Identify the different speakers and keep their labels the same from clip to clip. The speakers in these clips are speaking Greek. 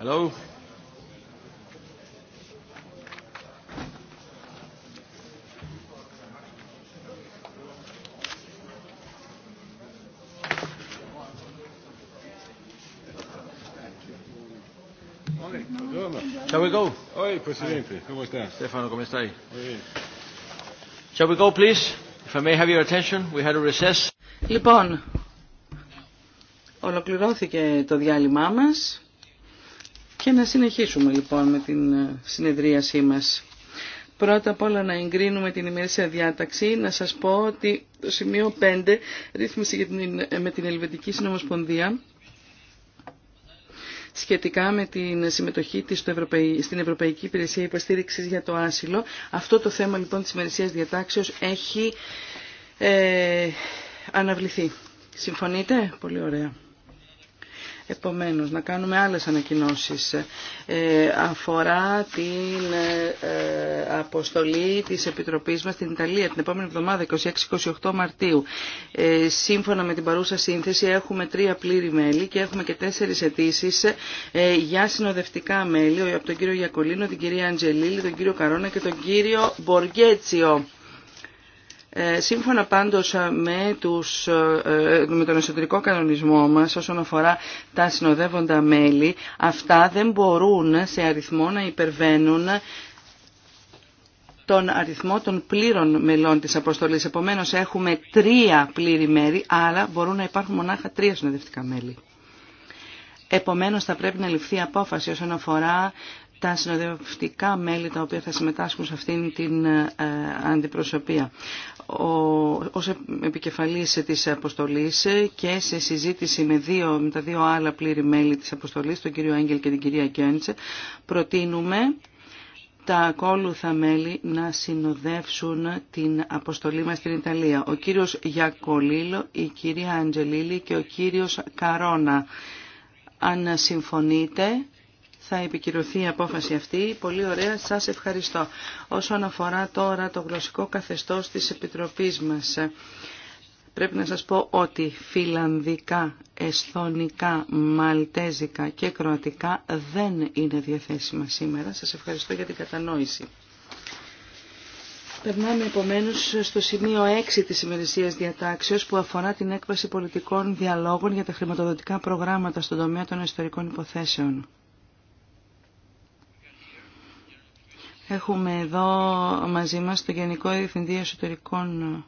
Speaker 1: Hello.
Speaker 2: Shall we go? Oi, Presidente, come sta? Stefano, come stai? Shall we go, please? If I may have your attention, we had a recess.
Speaker 3: Λοιπόν, ολοκληρώθηκε το διάλειμμά μας. Και να συνεχίσουμε λοιπόν με την ε, συνεδρίασή μας. Πρώτα απ' όλα να εγκρίνουμε την ημερήσια διάταξη, να σας πω ότι το σημείο 5, ρύθμιση ε, με την Ελβετική Συνομοσπονδία, σχετικά με την συμμετοχή της στην Ευρωπαϊκή Υπηρεσία Υποστήριξης για το Άσυλο. Αυτό το θέμα λοιπόν της ημερησίας διατάξεως έχει ε, αναβληθεί. Συμφωνείτε? Πολύ ωραία. Επομένως, να κάνουμε άλλες ανακοινώσεις. Ε, αφορά την ε, ε, αποστολή της Επιτροπής μας στην Ιταλία την επόμενη εβδομάδα, 26-28 Μαρτίου. σύμφωνα με την παρούσα σύνθεση έχουμε τρία πλήρη μέλη και έχουμε και τέσσερις αιτήσει για συνοδευτικά μέλη από τον κύριο Γιακολίνο, την κυρία Αντζελίλη, τον κύριο Καρόνα και τον κύριο Μποργέτσιο. Ε, σύμφωνα πάντως ε, με, τους, ε, με τον εσωτερικό κανονισμό μας όσον αφορά τα συνοδεύοντα μέλη, αυτά δεν μπορούν σε αριθμό να υπερβαίνουν τον αριθμό των πλήρων μελών της αποστολής. Επομένως έχουμε τρία πλήρη μέρη, αλλά μπορούν να υπάρχουν μονάχα τρία συνοδευτικά μέλη. Επομένως θα πρέπει να ληφθεί απόφαση όσον αφορά τα συνοδευτικά μέλη τα οποία θα συμμετάσχουν σε αυτήν την αντιπροσωπεία ως επικεφαλής της αποστολής και σε συζήτηση με, δύο, με τα δύο άλλα πλήρη μέλη της αποστολής, τον κύριο Έγγελ και την κυρία Γκέντσε, προτείνουμε τα ακόλουθα μέλη να συνοδεύσουν την αποστολή μας στην Ιταλία. Ο κύριος Γιακολίλο, η κυρία Αντζελίλη και ο κύριος Καρόνα. Αν συμφωνείτε, θα επικυρωθεί η απόφαση αυτή. Πολύ ωραία, σας ευχαριστώ. Όσον αφορά τώρα το γλωσσικό καθεστώς της Επιτροπής μας, πρέπει να σας πω ότι φιλανδικά, εσθονικά, μαλτέζικα και κροατικά δεν είναι διαθέσιμα σήμερα. Σας ευχαριστώ για την κατανόηση. Περνάμε επομένω στο σημείο 6 τη ημερησία διατάξεω που αφορά την έκβαση πολιτικών διαλόγων για τα χρηματοδοτικά προγράμματα στον τομέα των ιστορικών υποθέσεων. Έχουμε εδώ μαζί μας το Γενικό Διευθυντή Εσωτερικών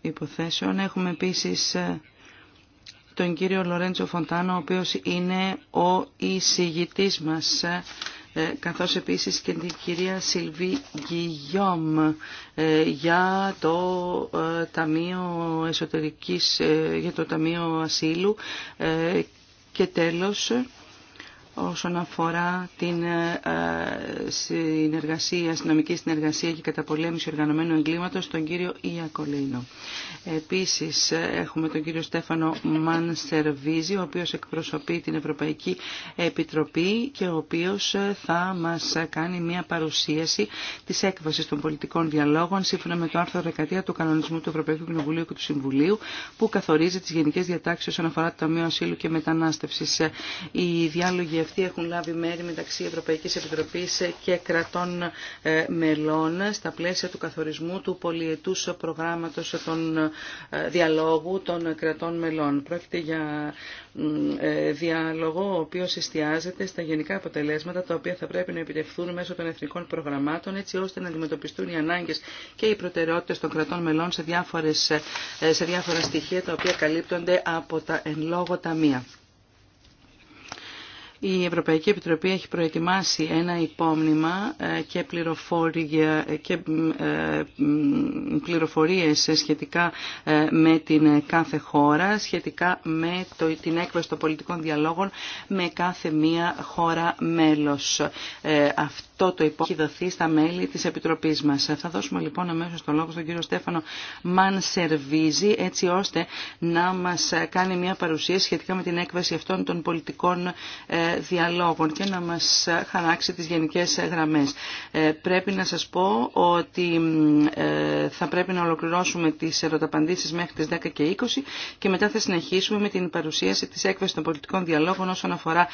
Speaker 3: Υποθέσεων. Έχουμε επίσης ε, τον κύριο Λορέντζο Φοντάνο, ο οποίος είναι ο εισηγητής μας, ε, ε, καθώς επίσης και την κυρία Σιλβί Γκυγιόμ για το Ταμείο Εσωτερικής, για το Ταμείο Ασύλου και τέλος όσον αφορά την ε, ε, συνεργασία, αστυνομική συνεργασία και καταπολέμηση οργανωμένου εγκλήματος, τον κύριο Ιακολίνο. Επίσης έχουμε τον κύριο Στέφανο Μανσερβίζη, ο οποίος εκπροσωπεί την Ευρωπαϊκή Επιτροπή και ο οποίος ε, θα μας κάνει μια παρουσίαση της έκβασης των πολιτικών διαλόγων σύμφωνα με το άρθρο 13 του Κανονισμού του Ευρωπαϊκού Κοινοβουλίου και του Συμβουλίου που καθορίζει τις γενικές διατάξεις όσον αφορά το Ταμείο Ασύλου και Μετανάστευσης. Οι διάλογοι Ευθύ έχουν λάβει μέρη μεταξύ Ευρωπαϊκής Επιτροπής και κρατών ε, μελών στα πλαίσια του καθορισμού του πολιετούς προγράμματος των ε, διαλόγου των κρατών μελών. Πρόκειται για ε, διάλογο ο οποίος εστιάζεται στα γενικά αποτελέσματα τα οποία θα πρέπει να επιτευχθούν μέσω των εθνικών προγραμμάτων έτσι ώστε να αντιμετωπιστούν οι ανάγκες και οι προτεραιότητες των κρατών μελών σε, διάφορες, σε διάφορα στοιχεία τα οποία καλύπτονται από τα εν λόγω ταμεία. Η Ευρωπαϊκή Επιτροπή έχει προετοιμάσει ένα υπόμνημα ε, και, πληροφορία, και ε, πληροφορίες σχετικά ε, με την κάθε χώρα, σχετικά με το, την έκβαση των πολιτικών διαλόγων με κάθε μία χώρα μέλος αυτό το έχει δοθεί στα μέλη της Επιτροπής μας. Θα δώσουμε λοιπόν αμέσως τον λόγο στον κύριο Στέφανο Μανσερβίζη έτσι ώστε να μας κάνει μια παρουσίαση σχετικά με την έκβαση αυτών των πολιτικών ε, διαλόγων και να μας χαράξει τις γενικές γραμμές. Ε, πρέπει να σας πω ότι ε, θα πρέπει να ολοκληρώσουμε τις ερωταπαντήσεις μέχρι τις 10 και 20 και μετά θα συνεχίσουμε με την παρουσίαση της έκβασης των πολιτικών διαλόγων όσον αφορά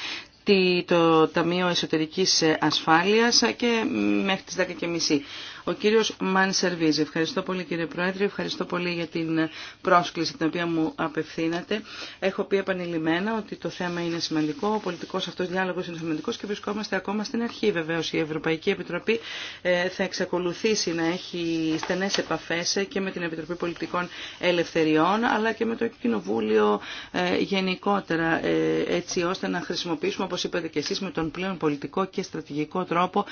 Speaker 3: το Ταμείο Εσωτερικής Ασφάλειας και μέχρι τις 10.30. Ο κύριος Μαν Σερβίζη. Ευχαριστώ πολύ κύριε Πρόεδρε, ευχαριστώ πολύ για την πρόσκληση την οποία μου απευθύνατε. Έχω πει επανειλημμένα ότι το θέμα είναι σημαντικό, ο πολιτικός αυτός διάλογος είναι σημαντικός και βρισκόμαστε ακόμα στην αρχή βεβαίως. Η Ευρωπαϊκή Επιτροπή ε, θα εξακολουθήσει να έχει στενές επαφές και με την Επιτροπή Πολιτικών Ελευθεριών αλλά και με το Κοινοβούλιο ε, γενικότερα ε, έτσι ώστε να χρησιμοποιήσουμε όπως είπατε και εσείς με τον πλέον πολιτικό και στρατηγικό τρόπο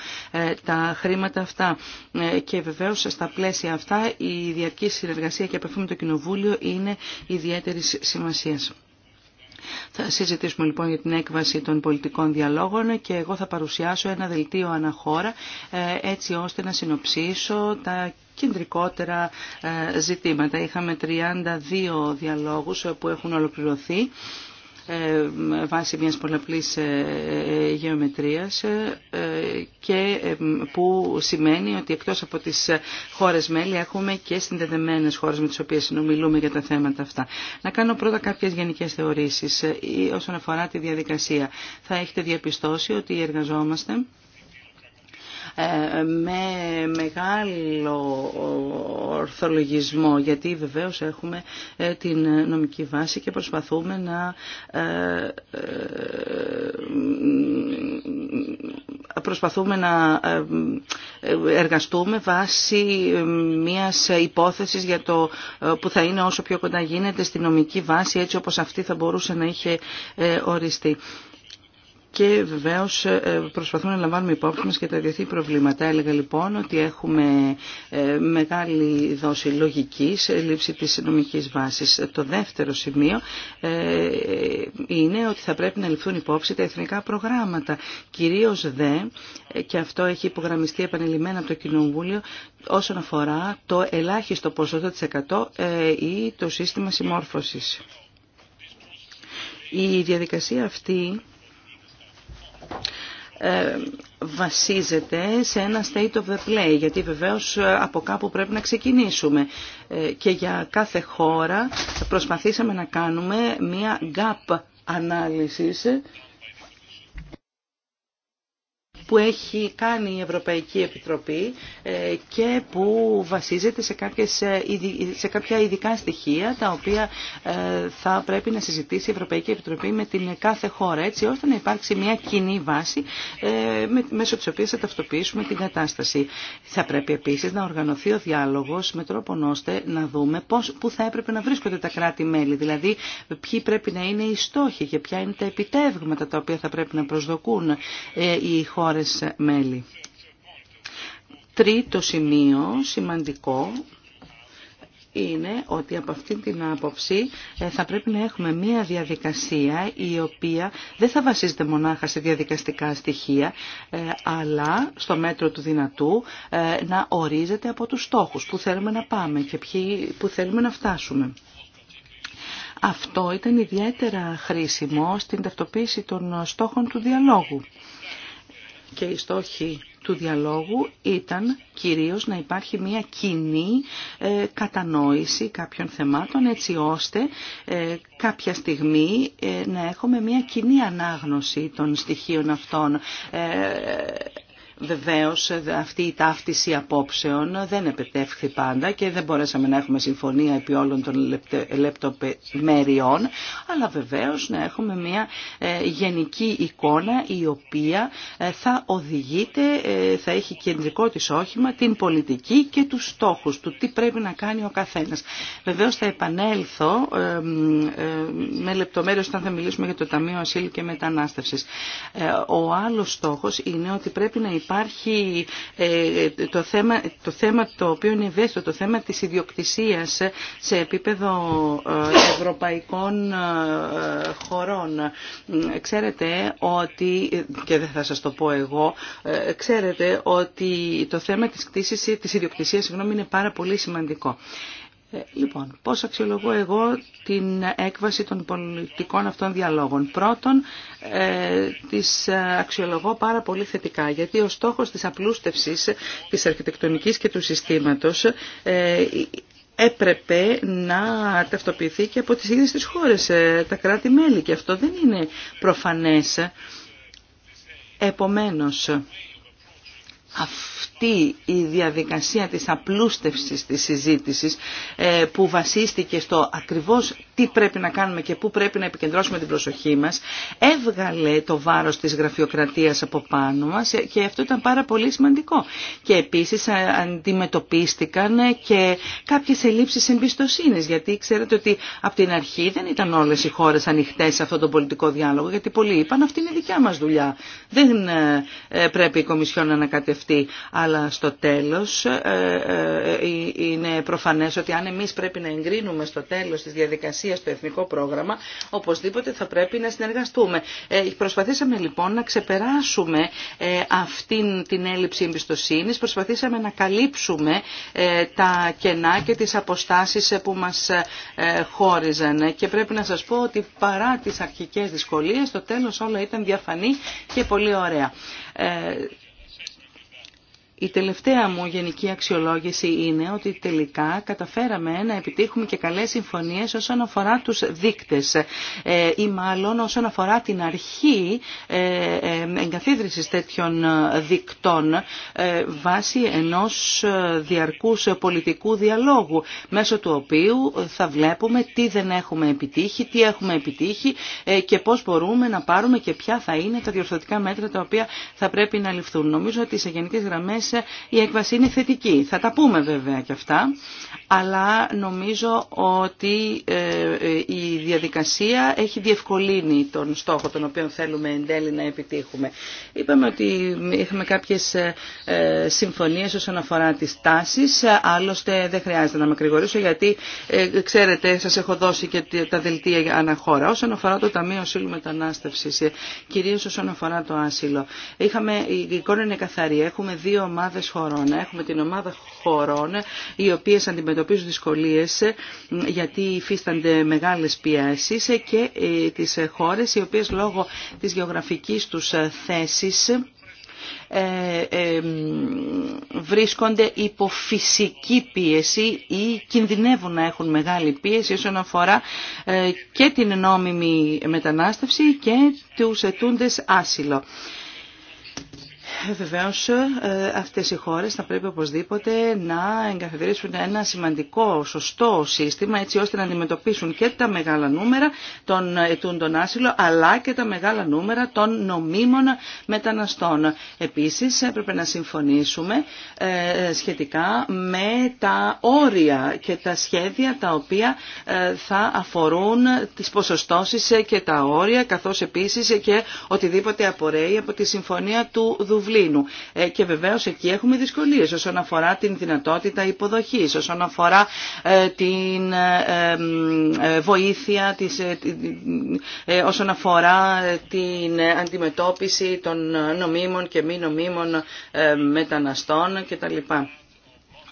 Speaker 3: τα χρήματα αυτά. Ε, και βεβαίω στα πλαίσια αυτά η διαρκή συνεργασία και επαφή το Κοινοβούλιο είναι ιδιαίτερη σημασίας. Θα συζητήσουμε λοιπόν για την έκβαση των πολιτικών διαλόγων και εγώ θα παρουσιάσω ένα δελτίο αναχώρα ε, έτσι ώστε να συνοψίσω τα κεντρικότερα ε, ζητήματα. Είχαμε 32 διαλόγους που έχουν ολοκληρωθεί ε, βάσει μιας πολλαπλής ε, ε, γεωμετρίας και που σημαίνει ότι εκτός από τις χώρες μέλη έχουμε και συνδεδεμένες χώρες με τις οποίες συνομιλούμε για τα θέματα αυτά. Να κάνω πρώτα κάποιες γενικές θεωρήσεις όσον αφορά τη διαδικασία. Θα έχετε διαπιστώσει ότι εργαζόμαστε ε, με μεγάλο ορθολογισμό γιατί βεβαίως έχουμε ε, την νομική βάση και προσπαθούμε να ε, προσπαθούμε να εργαστούμε βάσει μιας υπόθεσης για το που θα είναι όσο πιο κοντά γίνεται στη νομική βάση έτσι όπως αυτή θα μπορούσε να είχε οριστεί και βεβαίω ε, προσπαθούμε να λαμβάνουμε υπόψη μα και τα διεθνή προβλήματα. Έλεγα λοιπόν ότι έχουμε ε, μεγάλη δόση λογική ε, λήψη της νομική βάσης. Το δεύτερο σημείο είναι ότι θα πρέπει να ληφθούν υπόψη τα εθνικά προγράμματα. Κυρίως δε, και αυτό έχει υπογραμμιστεί επανειλημμένα από το Κοινοβούλιο, όσον αφορά το ελάχιστο ποσοστό Η το συστημα συμμορφωση αυτή ε, βασίζεται σε ένα state of play, γιατί βεβαίως ε, από κάπου πρέπει να ξεκινήσουμε. Ε, και για κάθε χώρα προσπαθήσαμε να κάνουμε μία gap ανάλυσης που έχει κάνει η Ευρωπαϊκή Επιτροπή ε, και που βασίζεται σε, κάποιες, ε, σε κάποια ειδικά στοιχεία τα οποία ε, θα πρέπει να συζητήσει η Ευρωπαϊκή Επιτροπή με την κάθε χώρα έτσι ώστε να υπάρξει μια κοινή βάση μέσω της οποίας θα ταυτοποιήσουμε την κατάσταση. Θα πρέπει επίσης να οργανωθεί ο διάλογος με τρόπο ώστε να δούμε που θα έπρεπε να βρίσκονται τα κράτη-μέλη, δηλαδή ποιοι πρέπει να είναι οι στόχοι και ποια είναι τα επιτεύγματα τα οποία θα πρέπει να προσδοκούν οι χώρε μέλη. Τρίτο σημείο σημαντικό είναι ότι από αυτή την άποψη ε, θα πρέπει να έχουμε μία διαδικασία η οποία δεν θα βασίζεται μονάχα σε διαδικαστικά στοιχεία ε, αλλά στο μέτρο του δυνατού ε, να ορίζεται από τους στόχους που θέλουμε να πάμε και ποιοι, που θέλουμε να φτάσουμε. Αυτό ήταν ιδιαίτερα χρήσιμο στην ταυτοποίηση των στόχων του διαλόγου και η στόχοι του διαλόγου ήταν κυρίως να υπάρχει μια κοινή ε, κατανόηση κάποιων θεμάτων έτσι ώστε ε, κάποια στιγμή ε, να έχουμε μια κοινή ανάγνωση των στοιχείων αυτών Βεβαίως αυτή η ταύτιση απόψεων δεν επετεύχθη πάντα και δεν μπορέσαμε να έχουμε συμφωνία επί όλων των λεπτομεριών, αλλά βεβαίως να έχουμε μια ε, γενική εικόνα η οποία ε, θα οδηγείται, ε, θα έχει κεντρικό της όχημα την πολιτική και τους στόχους του, τι πρέπει να κάνει ο καθένας. Βεβαίως θα επανέλθω με λεπτομέρειες όταν θα μιλήσουμε για το Ταμείο Ασύλου και Μετανάστευσης. Ο άλλος στόχος είναι ότι πρέπει να υπάρχει ε, το θέμα, το θέμα το οποίο είναι ευαίσθητο, το θέμα της ιδιοκτησίας σε επίπεδο ε, ευρωπαϊκών ε, χωρών. Ξέρετε ότι, και δεν θα σας το πω εγώ, ξέρετε ότι το θέμα της, κτήσης, της ιδιοκτησίας συγγνώμη, είναι πάρα πολύ σημαντικό. Ε, λοιπόν, πώς αξιολογώ εγώ την έκβαση των πολιτικών αυτών διαλόγων. Πρώτον, ε, τις ε, αξιολογώ πάρα πολύ θετικά, γιατί ο στόχος της απλούστευσης της αρχιτεκτονικής και του συστήματος ε, έπρεπε να ταυτοποιηθεί και από τις ίδιες τις χώρες, τα κράτη-μέλη, και αυτό δεν είναι προφανές. Επομένως, αυτή η διαδικασία της απλούστευσης της συζήτησης ε, που βασίστηκε στο ακριβώς τι πρέπει να κάνουμε και πού πρέπει να επικεντρώσουμε την προσοχή μας έβγαλε το βάρος της γραφειοκρατίας από πάνω μας και αυτό ήταν πάρα πολύ σημαντικό. Και επίσης ε, αντιμετωπίστηκαν ε, και κάποιες ελλείψεις εμπιστοσύνης γιατί ξέρετε ότι από την αρχή δεν ήταν όλες οι χώρες ανοιχτές σε αυτόν τον πολιτικό διάλογο γιατί πολλοί είπαν αυτή είναι η δικιά μας δουλειά. Δεν πρέπει η Κομισιόν να ανακατευτεί αλλά στο τέλος ε, ε, είναι προφανές ότι αν εμείς πρέπει να εγκρίνουμε στο τέλος της διαδικασίας το εθνικό πρόγραμμα, οπωσδήποτε θα πρέπει να συνεργαστούμε. Ε, προσπαθήσαμε λοιπόν να ξεπεράσουμε αυτήν την έλλειψη εμπιστοσύνης, προσπαθήσαμε να καλύψουμε τα κενά και τις αποστάσεις που μας χώριζαν. Και πρέπει να σας πω ότι παρά τις αρχικές δυσκολίες, στο τέλος όλα ήταν διαφανή και πολύ ωραία. Ε, η τελευταία μου γενική αξιολόγηση είναι ότι τελικά καταφέραμε να επιτύχουμε και καλές συμφωνίες όσον αφορά τους δείκτες ε, ή μάλλον όσον αφορά την αρχή ε, ε, εγκαθίδρυσης τέτοιων δικτών βάσει ενός διαρκούς πολιτικού διαλόγου μέσω του οποίου θα βλέπουμε τι δεν έχουμε επιτύχει, τι έχουμε επιτύχει και πώς μπορούμε να πάρουμε και ποια θα είναι τα διορθωτικά μέτρα τα οποία θα πρέπει να ληφθούν. Νομίζω ότι σε γενικές γραμμές η έκβαση είναι θετική. Θα τα πούμε βέβαια και αυτά, αλλά νομίζω ότι ε, ε, η διαδικασία έχει διευκολύνει τον στόχο τον οποίο θέλουμε εν τέλει να επιτύχουμε. Είπαμε ότι είχαμε κάποιες ε, συμφωνίες όσον αφορά τις τάσεις, άλλωστε δεν χρειάζεται να με γιατί ξέρετε σας έχω δώσει και τα δελτία αναχώρα. Όσον αφορά το Ταμείο Σύλλου Μετανάστευσης, κυρίως όσον αφορά το άσυλο, είχαμε, η εικόνα είναι καθαρή. Έχουμε δύο ομάδες χωρών. Έχουμε την ομάδα χωρών οι οποίες αντιμετωπίζουν δυσκολίες γιατί υφίστανται μεγάλες πιέσεις ε, και ε, τις χώρες οι οποίες λόγω της γεωγραφικής τους ε, θέσης βρίσκονται υπό φυσική πίεση ή κινδυνεύουν να έχουν μεγάλη πίεση όσον αφορά και την νόμιμη μετανάστευση και τους ετούντες άσυλο βεβαίως ε, αυτές οι χώρες θα πρέπει οπωσδήποτε να εγκαθιδρύσουν ένα σημαντικό, σωστό σύστημα έτσι ώστε να αντιμετωπίσουν και τα μεγάλα νούμερα των ετούντων άσυλο αλλά και τα μεγάλα νούμερα των νομίμων μεταναστών. Επίσης έπρεπε να συμφωνήσουμε ε, σχετικά με τα όρια και τα σχέδια τα οποία ε, θα αφορούν τις ποσοστώσεις και τα όρια καθώς επίσης και οτιδήποτε απορρέει από τη συμφωνία του Δουβλίνου. Ε, και βεβαίω εκεί έχουμε δυσκολίες όσον αφορά την δυνατότητα υποδοχής, όσον αφορά ε, την ε, βοήθεια, όσον αφορά την αντιμετώπιση των νομίμων και μη νομίμων μεταναστών κτλ.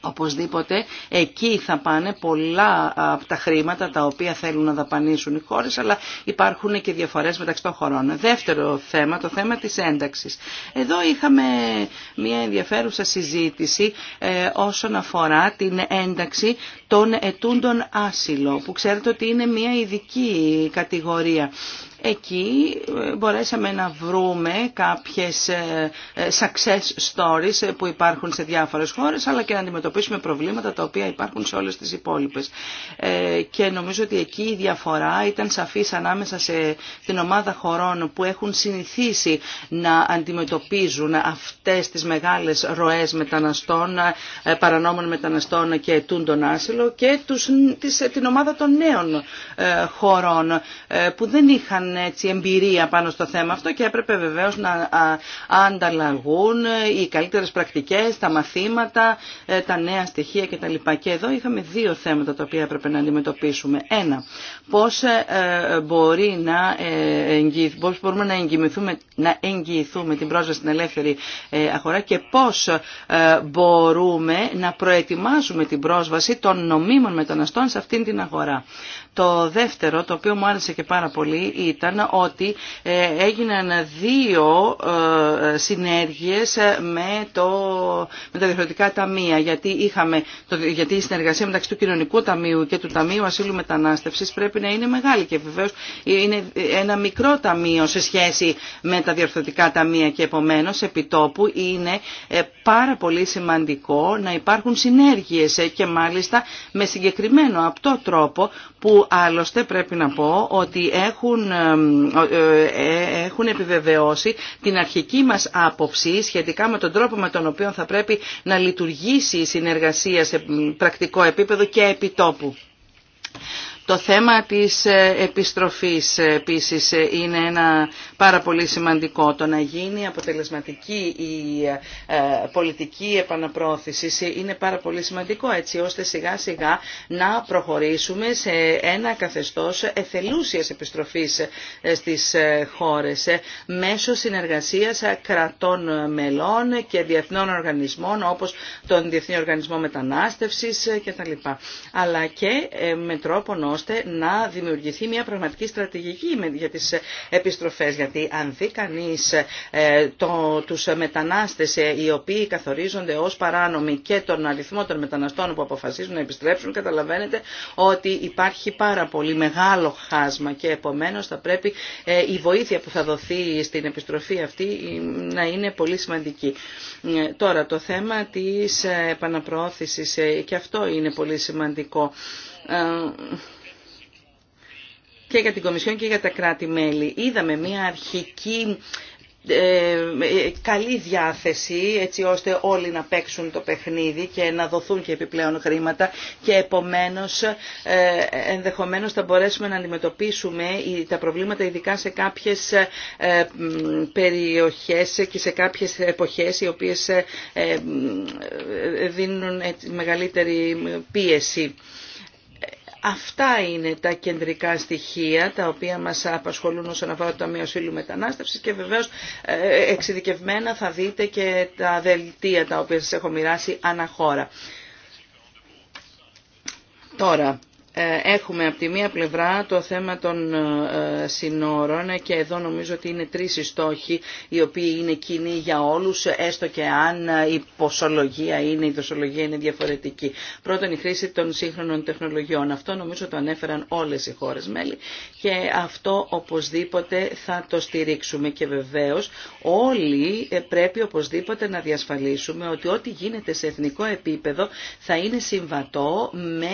Speaker 3: Οπωσδήποτε εκεί θα πάνε πολλά από τα χρήματα τα οποία θέλουν να δαπανίσουν οι χώρες, αλλά υπάρχουν και διαφορές μεταξύ των χωρών. Δεύτερο θέμα, το θέμα της ένταξης. Εδώ είχαμε μια ενδιαφέρουσα συζήτηση ε, όσον αφορά την ένταξη των ετούντων άσυλο, που ξέρετε ότι είναι μια ειδική κατηγορία Εκεί ε, μπορέσαμε να βρούμε κάποιες ε, ε, success stories που υπάρχουν σε διάφορες χώρες, αλλά και να αντιμετωπίσουμε προβλήματα τα οποία υπάρχουν σε όλες τις υπόλοιπες. Και νομίζω ότι εκεί η διαφορά ήταν σαφής ανάμεσα σε την ομάδα χωρών που έχουν συνηθίσει να αντιμετωπίζουν αυτές τις μεγάλες ροές μεταναστών, παρανόμων μεταναστών και τον άσυλο και τους, την ομάδα των νέων χωρών που δεν είχαν έτσι εμπειρία πάνω στο θέμα αυτό και έπρεπε βεβαίως να ανταλλαγούν οι καλύτερες πρακτικές, τα μαθήματα, ε, τα νέα στοιχεία κτλ. Και εδώ είχαμε δύο θέματα τα οποία έπρεπε να αντιμετωπίσουμε. Ένα, πώς, ε, ε, μπορεί να, πώς μπορούμε να εγγυηθούμε, να την πρόσβαση στην ελεύθερη αγορά και πώς μπορούμε να προετοιμάσουμε την πρόσβαση των νομίμων μεταναστών σε αυτήν την αγορά. Το δεύτερο, το οποίο μου άρεσε και πάρα πολύ, ήταν ότι ε, έγιναν δύο ε, συνέργειες ε, με, τα διαφορετικά ταμεία. Γιατί, είχαμε, γιατί η συνεργασία μεταξύ του Κοινωνικού Ταμείου και του Ταμείου Ασύλου Μετανάστευσης πρέπει να είναι μεγάλη και βεβαίως είναι ένα μικρό ταμείο σε σχέση με τα διευθυντικά ταμεία και επομένως επιτόπου είναι πάρα πολύ σημαντικό να υπάρχουν συνέργειες και μάλιστα με συγκεκριμένο αυτό τρόπο που άλλωστε πρέπει να πω ότι έχουν ε, ε, έχουν επιβεβαιώσει την αρχική μας άποψη σχετικά με τον τρόπο με τον οποίο θα πρέπει να λειτουργήσει η συνεργασία σε πρακτικό επίπεδο και επιτόπου. Το θέμα της ε, επιστροφής ε, επίσης ε, είναι ένα πάρα πολύ σημαντικό. Το να γίνει αποτελεσματική η πολιτική επαναπρόθεση είναι πάρα πολύ σημαντικό έτσι ώστε σιγά σιγά να προχωρήσουμε σε ένα καθεστώς εθελούσιας επιστροφής στις χώρες μέσω συνεργασίας κρατών μελών και διεθνών οργανισμών όπως τον Διεθνή Οργανισμό Μετανάστευσης κτλ. Αλλά και με τρόπο ώστε να δημιουργηθεί μια πραγματική στρατηγική για τις ε, επιστροφές. Γιατί αν δει κανείς ε, το, τους μετανάστες ε, οι οποίοι καθορίζονται ως παράνομοι και τον αριθμό των μεταναστών που αποφασίζουν να επιστρέψουν, καταλαβαίνετε ότι υπάρχει πάρα πολύ μεγάλο χάσμα και επομένως θα πρέπει η βοήθεια που θα δοθεί στην επιστροφή αυτή να είναι πολύ σημαντική. Τώρα το θέμα της επαναπροώθησης και αυτό είναι πολύ σημαντικό και για την Κομισιόν και για τα κράτη-μέλη. Είδαμε μια αρχική ε, καλή διάθεση έτσι ώστε όλοι να παίξουν το παιχνίδι και να δοθούν και επιπλέον χρήματα και επομένως ε, ενδεχομένως θα μπορέσουμε να αντιμετωπίσουμε τα προβλήματα ειδικά σε κάποιες ε, περιοχές και σε κάποιες εποχές οι οποίες δίνουν μεγαλύτερη πίεση. Αυτά είναι τα κεντρικά στοιχεία τα οποία μας απασχολούν όσον αφορά το Ταμείο Σύλλου Μετανάστευσης και βεβαίως ε, εξειδικευμένα θα δείτε και τα δελτία τα οποία σας έχω μοιράσει αναχώρα. Τώρα, ε, έχουμε από τη μία πλευρά το θέμα των ε, συνόρων και εδώ νομίζω ότι είναι τρεις οι στόχοι οι οποίοι είναι κοινοί για όλους έστω και αν η ποσολογία είναι, η δοσολογία είναι διαφορετική. Πρώτον η χρήση των σύγχρονων τεχνολογιών. Αυτό νομίζω το ανέφεραν όλες οι χώρες μέλη και αυτό οπωσδήποτε θα το στηρίξουμε και βεβαίως όλοι ε, πρέπει οπωσδήποτε να διασφαλίσουμε ότι ό,τι γίνεται σε εθνικό επίπεδο θα είναι συμβατό με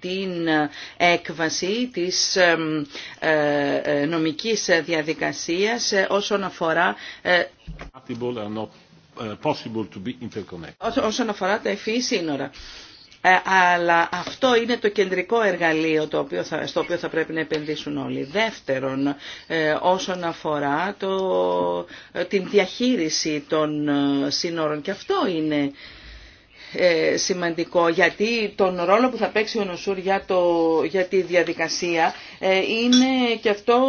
Speaker 3: την ε, έκβαση της ε, ε, νομικής διαδικασίας όσον αφορά όσον αφορά τα ευφυή σύνορα. Αλλά αυτό είναι το κεντρικό εργαλείο το οποίο θα, στο οποίο θα πρέπει να επενδύσουν όλοι. Δεύτερον, όσον αφορά το, την διαχείριση των σύνορων και αυτό είναι ε, σημαντικό γιατί τον ρόλο που θα παίξει ο Νοσούρ για, το, τη διαδικασία ε, είναι, και αυτό,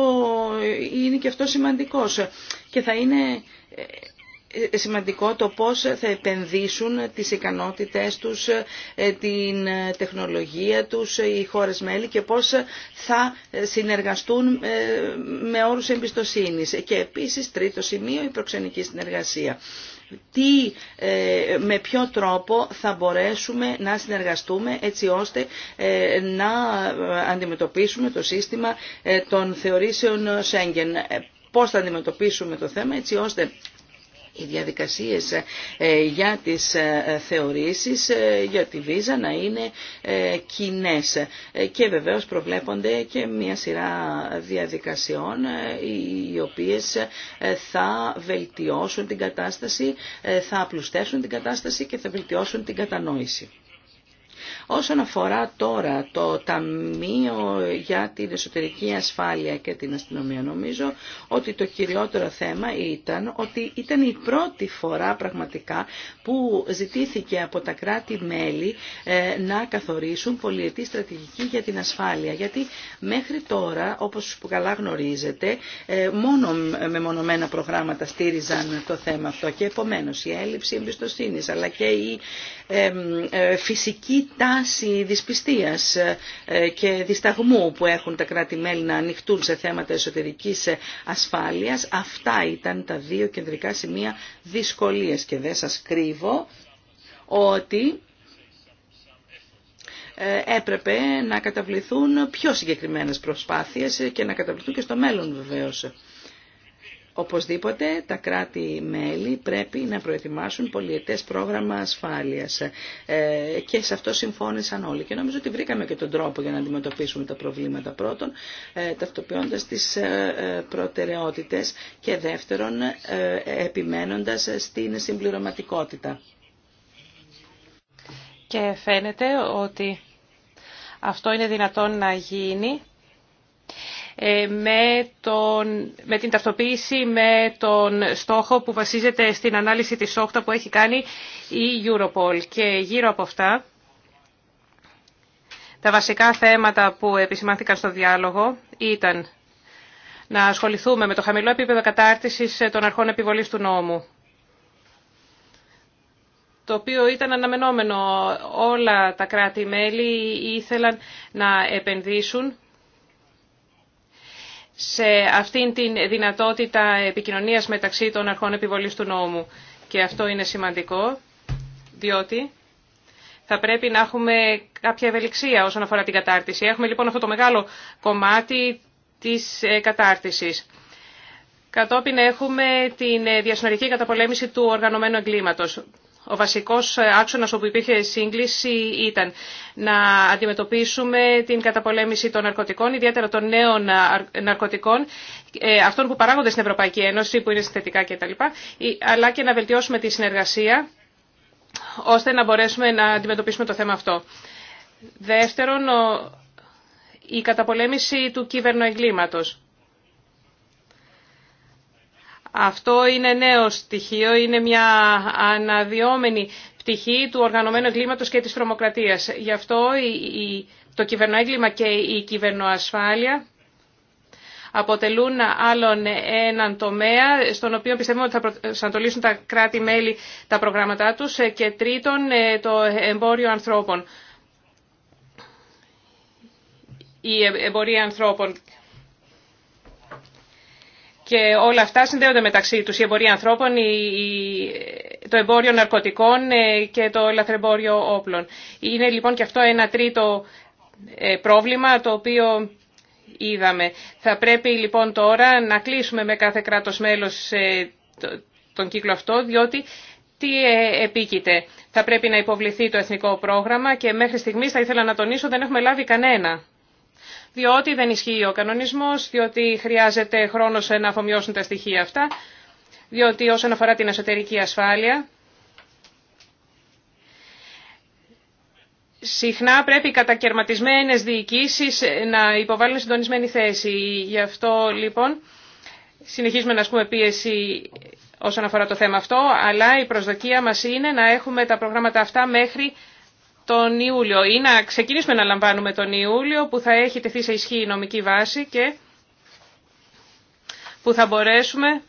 Speaker 3: είναι και αυτό σημαντικός και θα είναι ε, σημαντικό το πώς θα επενδύσουν τις ικανότητες τους, την τεχνολογία τους οι χώρες μέλη και πώς θα συνεργαστούν με όρους εμπιστοσύνης. Και επίσης τρίτο σημείο η προξενική συνεργασία τι, ε, με ποιο τρόπο θα μπορέσουμε να συνεργαστούμε έτσι ώστε ε, να αντιμετωπίσουμε το σύστημα ε, των θεωρήσεων Σέγγεν. Πώς θα αντιμετωπίσουμε το θέμα έτσι ώστε οι διαδικασίες ε, για τις ε, θεωρήσεις, ε, για τη βίζα να είναι κοινέ. Και βεβαίως προβλέπονται και μια σειρά διαδικασιών οι οποίες θα βελτιώσουν την κατάσταση, θα απλουστεύσουν την κατάσταση και θα βελτιώσουν την κατανόηση. Όσον αφορά τώρα το Ταμείο για την Εσωτερική Ασφάλεια και την Αστυνομία, νομίζω ότι το κυριότερο θέμα ήταν ότι ήταν η πρώτη φορά πραγματικά που ζητήθηκε από τα κράτη-μέλη ε, να καθορίσουν πολιετή στρατηγική για την ασφάλεια. Γιατί μέχρι τώρα, όπως καλά γνωρίζετε, ε, μόνο με μονομένα προγράμματα στήριζαν το θέμα αυτό και επομένως η έλλειψη εμπιστοσύνης αλλά και η ε, φυσική τάση βάση δυσπιστίας ε, και δισταγμού που έχουν τα κράτη-μέλη να ανοιχτούν σε θέματα εσωτερικής ε, ασφάλειας. Αυτά ήταν τα δύο κεντρικά σημεία δυσκολίες και δεν σας κρύβω ότι ε, έπρεπε να καταβληθούν πιο συγκεκριμένες προσπάθειες και να καταβληθούν και στο μέλλον βεβαίως. Οπωσδήποτε τα κράτη-μέλη πρέπει να προετοιμάσουν πολιετές πρόγραμμα ασφάλειας ε, και σε αυτό συμφώνησαν όλοι και νομίζω ότι βρήκαμε και τον τρόπο για να αντιμετωπίσουμε τα προβλήματα πρώτον ε, ταυτοποιώντας τις ε, προτεραιότητες και δεύτερον επιμένοντας στην συμπληρωματικότητα.
Speaker 1: Και φαίνεται ότι αυτό είναι δυνατόν να γίνει ε, με, τον, την ταυτοποίηση με τον στόχο που βασίζεται στην ανάλυση της όχτα που έχει κάνει η Europol. Και γύρω από αυτά, τα βασικά θέματα που επισημάνθηκαν στο διάλογο ήταν να ασχοληθούμε με το χαμηλό επίπεδο κατάρτισης των αρχών επιβολής του νόμου το οποίο ήταν αναμενόμενο. Όλα τα κράτη-μέλη ήθελαν να επενδύσουν σε αυτήν την δυνατότητα επικοινωνίας μεταξύ των αρχών επιβολής του νόμου. Και αυτό είναι σημαντικό, διότι θα πρέπει να έχουμε κάποια ευελιξία όσον αφορά την κατάρτιση. Έχουμε λοιπόν αυτό το μεγάλο κομμάτι της ε, κατάρτισης. Κατόπιν έχουμε την ε, διασυνορική καταπολέμηση του οργανωμένου εγκλήματος. Ο βασικός άξονας όπου υπήρχε σύγκληση ήταν να αντιμετωπίσουμε την καταπολέμηση των ναρκωτικών, ιδιαίτερα των νέων ναρκωτικών, ε, αυτών που παράγονται στην Ευρωπαϊκή Ένωση, που είναι συνθετικά κτλ, αλλά και να βελτιώσουμε τη συνεργασία, ώστε να μπορέσουμε να αντιμετωπίσουμε το θέμα αυτό. Δεύτερον, η καταπολέμηση του κυβερνοεγκλήματος. Αυτό είναι νέο στοιχείο, είναι μια αναδυόμενη πτυχή του οργανωμένου εγκλήματος και της τρομοκρατίας. Γι' αυτό το κυβερνοέγκλημα και η κυβερνοασφάλεια αποτελούν άλλον έναν τομέα στον οποίο πιστεύουμε ότι θα προσανατολίσουν τα κράτη-μέλη τα προγράμματά τους και τρίτον ε, το εμπόριο ανθρώπων. Η ε, εμπορία ανθρώπων και όλα αυτά συνδέονται μεταξύ τους η εμπορία ανθρώπων, το εμπόριο ναρκωτικών ε, και το λαθρεμπόριο όπλων. Είναι λοιπόν και αυτό ένα τρίτο ε, πρόβλημα το οποίο είδαμε. Θα πρέπει λοιπόν τώρα να κλείσουμε με κάθε κράτος μέλος ε, τον κύκλο αυτό, διότι τι επίκειται. Θα πρέπει να υποβληθεί το εθνικό πρόγραμμα και μέχρι στιγμής θα ήθελα να τονίσω δεν έχουμε λάβει κανένα διότι δεν ισχύει ο κανονισμός, διότι χρειάζεται χρόνος να αφομοιώσουν τα στοιχεία αυτά, διότι όσον αφορά την εσωτερική ασφάλεια, Συχνά πρέπει οι κατακαιρματισμένες διοικήσεις να υποβάλουν συντονισμένη θέση. Γι' αυτό λοιπόν συνεχίζουμε να ασκούμε πίεση όσον αφορά το θέμα αυτό, αλλά η προσδοκία μας είναι να έχουμε τα προγράμματα αυτά μέχρι τον Ιούλιο ή να ξεκινήσουμε να λαμβάνουμε τον Ιούλιο που θα έχει τεθεί σε ισχύ η νομική βάση και που θα μπορέσουμε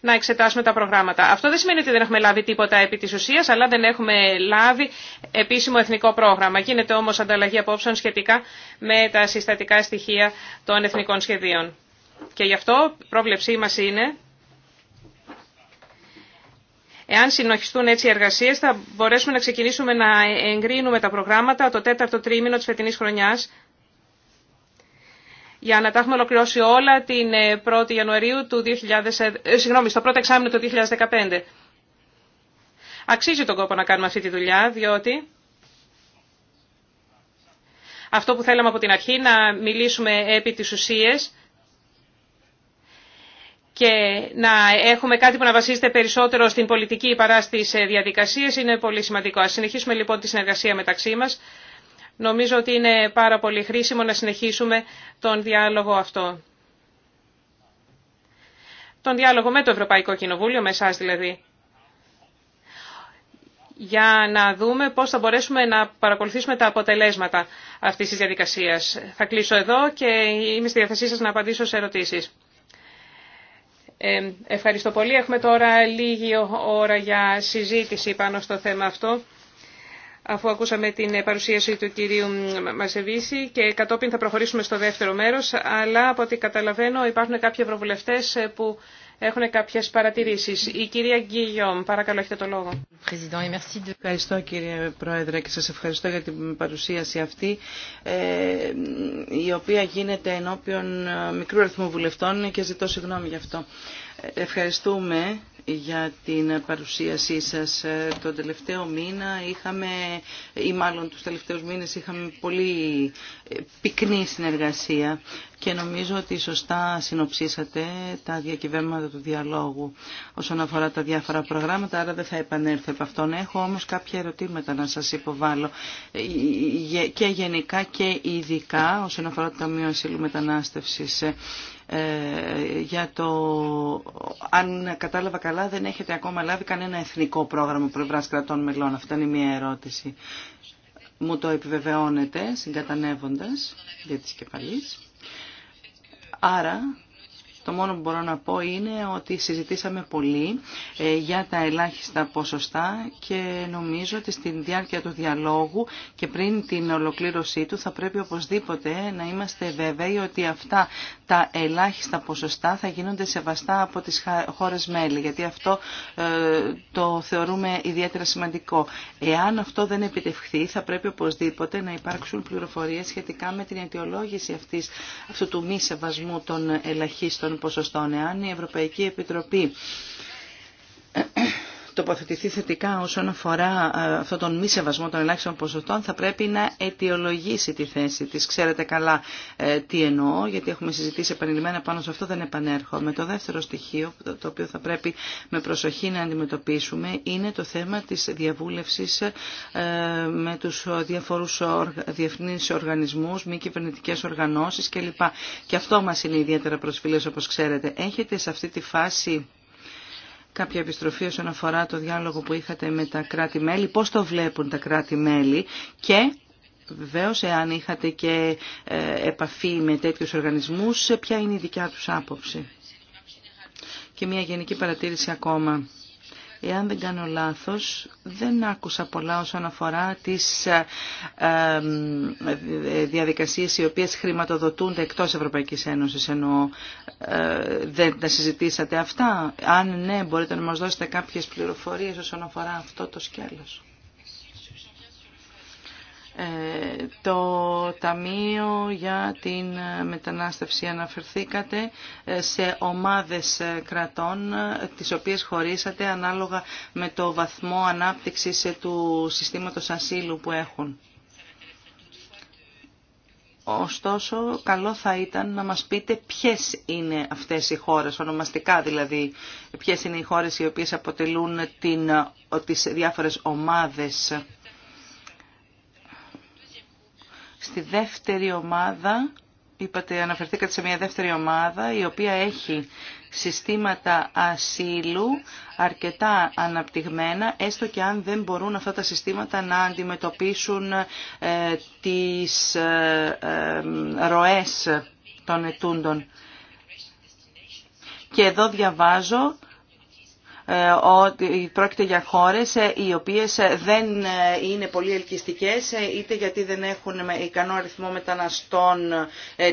Speaker 1: να εξετάσουμε τα προγράμματα. Αυτό δεν σημαίνει ότι δεν έχουμε λάβει τίποτα επί της ουσίας, αλλά δεν έχουμε λάβει επίσημο εθνικό πρόγραμμα. Γίνεται όμως ανταλλαγή απόψεων σχετικά με τα συστατικά στοιχεία των εθνικών σχεδίων. Και γι' αυτό η πρόβλεψή μας είναι Εάν συνοχιστούν έτσι οι εργασίες θα μπορέσουμε να ξεκινήσουμε να εγκρίνουμε τα προγράμματα το τέταρτο τρίμηνο της φετινής χρονιάς για να τα έχουμε ολοκληρώσει όλα την 1η ε, Ιανουαρίου του 2000, ε, ε, συγγνώμη, στο πρώτο εξάμεινο του 2015. Αξίζει τον κόπο να κάνουμε αυτή τη δουλειά, διότι αυτό που θέλαμε από την αρχή, να μιλήσουμε επί της ουσίες και να έχουμε κάτι που να βασίζεται περισσότερο στην πολιτική παρά στις ε, διαδικασίε είναι πολύ σημαντικό. Α συνεχίσουμε λοιπόν τη συνεργασία μεταξύ μα. Νομίζω ότι είναι πάρα πολύ χρήσιμο να συνεχίσουμε τον διάλογο αυτό. Τον διάλογο με το Ευρωπαϊκό Κοινοβούλιο, με εσά δηλαδή. Για να δούμε πώς θα μπορέσουμε να παρακολουθήσουμε τα αποτελέσματα αυτής της διαδικασίας. Θα κλείσω εδώ και είμαι στη διαθεσή σας να απαντήσω σε ερωτήσεις. Ε, ευχαριστώ πολύ. Έχουμε τώρα λίγη ώρα για συζήτηση πάνω στο θέμα αυτό αφού ακούσαμε την παρουσίαση του κυρίου Μασεβίση και κατόπιν θα προχωρήσουμε στο δεύτερο μέρος, αλλά από ό,τι καταλαβαίνω υπάρχουν κάποιοι ευρωβουλευτές που έχουν κάποιες παρατηρήσεις. Η κυρία Γκίγιομ, παρακαλώ, έχετε το λόγο.
Speaker 3: Ευχαριστώ κύριε Πρόεδρε και σας ευχαριστώ για την παρουσίαση αυτή, ε, η οποία γίνεται ενώπιον ε, μικρού αριθμού βουλευτών και ζητώ συγγνώμη γι' αυτό. Ε, ευχαριστούμε για την παρουσίασή σας. Ε, τον τελευταίο μήνα είχαμε, ή μάλλον τους τελευταίους μήνες είχαμε πολύ ε, πυκνή συνεργασία και νομίζω ότι σωστά συνοψίσατε τα διακυβέρματα του διαλόγου όσον αφορά τα διάφορα προγράμματα, άρα δεν θα επανέλθω από αυτόν. Έχω όμως κάποια ερωτήματα να σας υποβάλω ε, και γενικά και ειδικά όσον αφορά το Ταμείο Ασύλου Μετανάστευσης. Ε, για το αν κατάλαβα καλά δεν έχετε ακόμα λάβει κανένα εθνικό πρόγραμμα πλευρά κρατών μελών. Αυτή είναι μια ερώτηση. Μου το επιβεβαιώνετε συγκατανεύοντας, για τις κεφαλής. Άρα το μόνο που μπορώ να πω είναι ότι συζητήσαμε πολύ ε, για τα ελάχιστα ποσοστά και νομίζω ότι στην διάρκεια του διαλόγου και πριν την ολοκλήρωσή του θα πρέπει οπωσδήποτε να είμαστε βέβαιοι ότι αυτά τα ελάχιστα ποσοστά θα γίνονται σεβαστά από τις χώρες μέλη, γιατί αυτό ε, το θεωρούμε ιδιαίτερα σημαντικό. Εάν αυτό δεν επιτευχθεί, θα πρέπει οπωσδήποτε να υπάρξουν πληροφορίες σχετικά με την αιτιολόγηση αυτής, αυτού του μη σεβασμού των ελαχίστων των ποσοστών. Εάν η Ευρωπαϊκή Επιτροπή τοποθετηθεί θετικά όσον αφορά ε, αυτόν τον μη σεβασμό των ελάχιστων ποσοστών θα πρέπει να αιτιολογήσει τη θέση της. Ξέρετε καλά ε, τι εννοώ, γιατί έχουμε συζητήσει επανειλημμένα πάνω σε αυτό, δεν επανέρχομαι. Το δεύτερο στοιχείο, το οποίο θα πρέπει με προσοχή να αντιμετωπίσουμε, είναι το θέμα της διαβούλευσης ε, με τους διαφορούς διεθνεί οργανισμούς, μη κυβερνητικέ οργανώσεις κλπ. Και αυτό μας είναι ιδιαίτερα προσφυλές, όπως ξέρετε. Έχετε σε αυτή τη φάση κάποια επιστροφή όσον αφορά το διάλογο που είχατε με τα κράτη-μέλη, πώς το βλέπουν τα κράτη-μέλη και βεβαίως εάν είχατε και ε, επαφή με τέτοιους οργανισμούς, ποια είναι η δικιά τους άποψη. Και μια γενική παρατήρηση ακόμα. Εάν δεν κάνω λάθος, δεν άκουσα πολλά όσον αφορά τις ε, ε, διαδικασίες οι οποίες χρηματοδοτούνται εκτός Ευρωπαϊκής Ένωσης. Ενώ ε, δεν τα συζητήσατε αυτά. Αν ναι, μπορείτε να μας δώσετε κάποιες πληροφορίες όσον αφορά αυτό το σκέλος. Ε, το Ταμείο για την Μετανάστευση αναφερθήκατε ε, σε ομάδες ε, κρατών τις οποίες χωρίσατε ανάλογα με το βαθμό ανάπτυξης του συστήματος ασύλου που έχουν. Ωστόσο, καλό θα ήταν να μας πείτε ποιες είναι αυτές οι χώρες, ονομαστικά δηλαδή, ποιες είναι οι χώρες οι οποίες αποτελούν την, τις διάφορες ομάδες στη δεύτερη ομάδα, είπατε, αναφερθήκατε σε μια δεύτερη ομάδα, η οποία έχει συστήματα ασύλου αρκετά αναπτυγμένα, έστω και αν δεν μπορούν αυτά τα συστήματα να αντιμετωπίσουν ε, τις ε, ε, ροές των ετούντων. Και εδώ διαβάζω ε, ότι πρόκειται για χώρες ε, οι οποίες ε, δεν είναι πολύ ελκυστικές είτε γιατί δεν έχουν ικανό αριθμό μεταναστών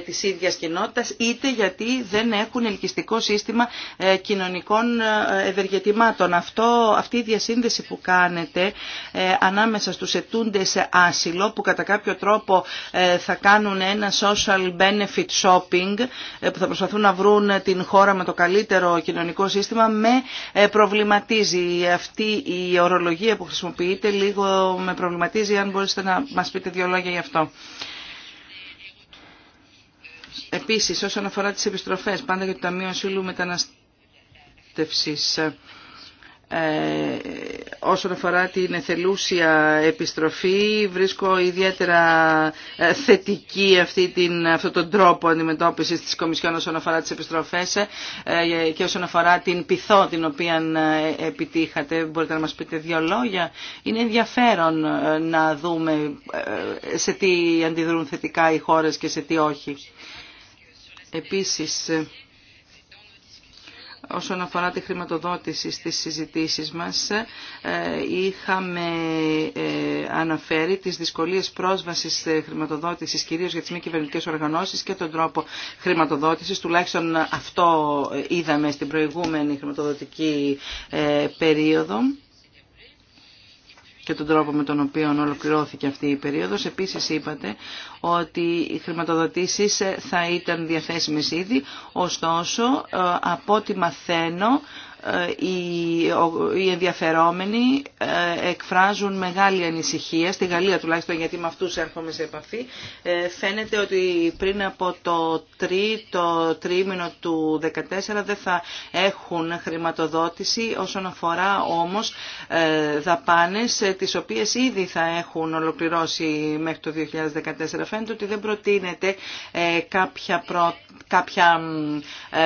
Speaker 3: της ίδιας κοινότητας είτε γιατί δεν έχουν ελκυστικό σύστημα κοινωνικών ευεργετημάτων. Αυτό, αυτή η διασύνδεση που κάνετε ανάμεσα στους ετούντες άσυλο που κατά κάποιο τρόπο θα κάνουν ένα social benefit shopping που θα προσπαθούν να βρουν την χώρα με το καλύτερο κοινωνικό σύστημα με προβληματίζει αυτή η ορολογία που χρησιμοποιείτε. Λίγο με προβληματίζει αν μπορείτε να μας πείτε δύο λόγια γι' αυτό. Επίσης, όσον αφορά τις επιστροφές, πάντα για το Ταμείο Σύλλου Μεταναστεύσης, ε, όσον αφορά την εθελούσια επιστροφή βρίσκω ιδιαίτερα ε, θετική αυτή την, αυτόν τον τρόπο αντιμετώπισης της Κομισιόν όσον αφορά τις επιστροφές ε, και όσον αφορά την πυθό την οποία επιτύχατε. Μπορείτε να μας πείτε δύο λόγια. Είναι ενδιαφέρον να δούμε σε τι αντιδρούν θετικά οι χώρες και σε τι όχι. Επίσης, όσον αφορά τη χρηματοδότηση στις συζητήσεις μας ε, είχαμε ε, αναφέρει τις δυσκολίες πρόσβασης ε, χρηματοδότησης κυρίως για τις μη κυβερνητικές οργανώσεις και τον τρόπο χρηματοδότησης. Τουλάχιστον αυτό είδαμε στην προηγούμενη χρηματοδοτική περίοδο και τον τρόπο με τον οποίο ολοκληρώθηκε αυτή η περίοδος. Επίσης είπατε ότι οι χρηματοδοτήσεις θα ήταν διαθέσιμες ήδη, ωστόσο ε, από ό,τι μαθαίνω οι ενδιαφερόμενοι ε, εκφράζουν μεγάλη ανησυχία, στη Γαλλία τουλάχιστον γιατί με αυτούς έρχομαι σε επαφή, ε, φαίνεται ότι πριν από το τρίτο τρίμηνο του 2014 δεν θα έχουν χρηματοδότηση όσον αφορά όμως ε, δαπάνες τις οποίες ήδη θα έχουν ολοκληρώσει μέχρι το 2014. Φαίνεται ότι δεν προτείνεται κάποια,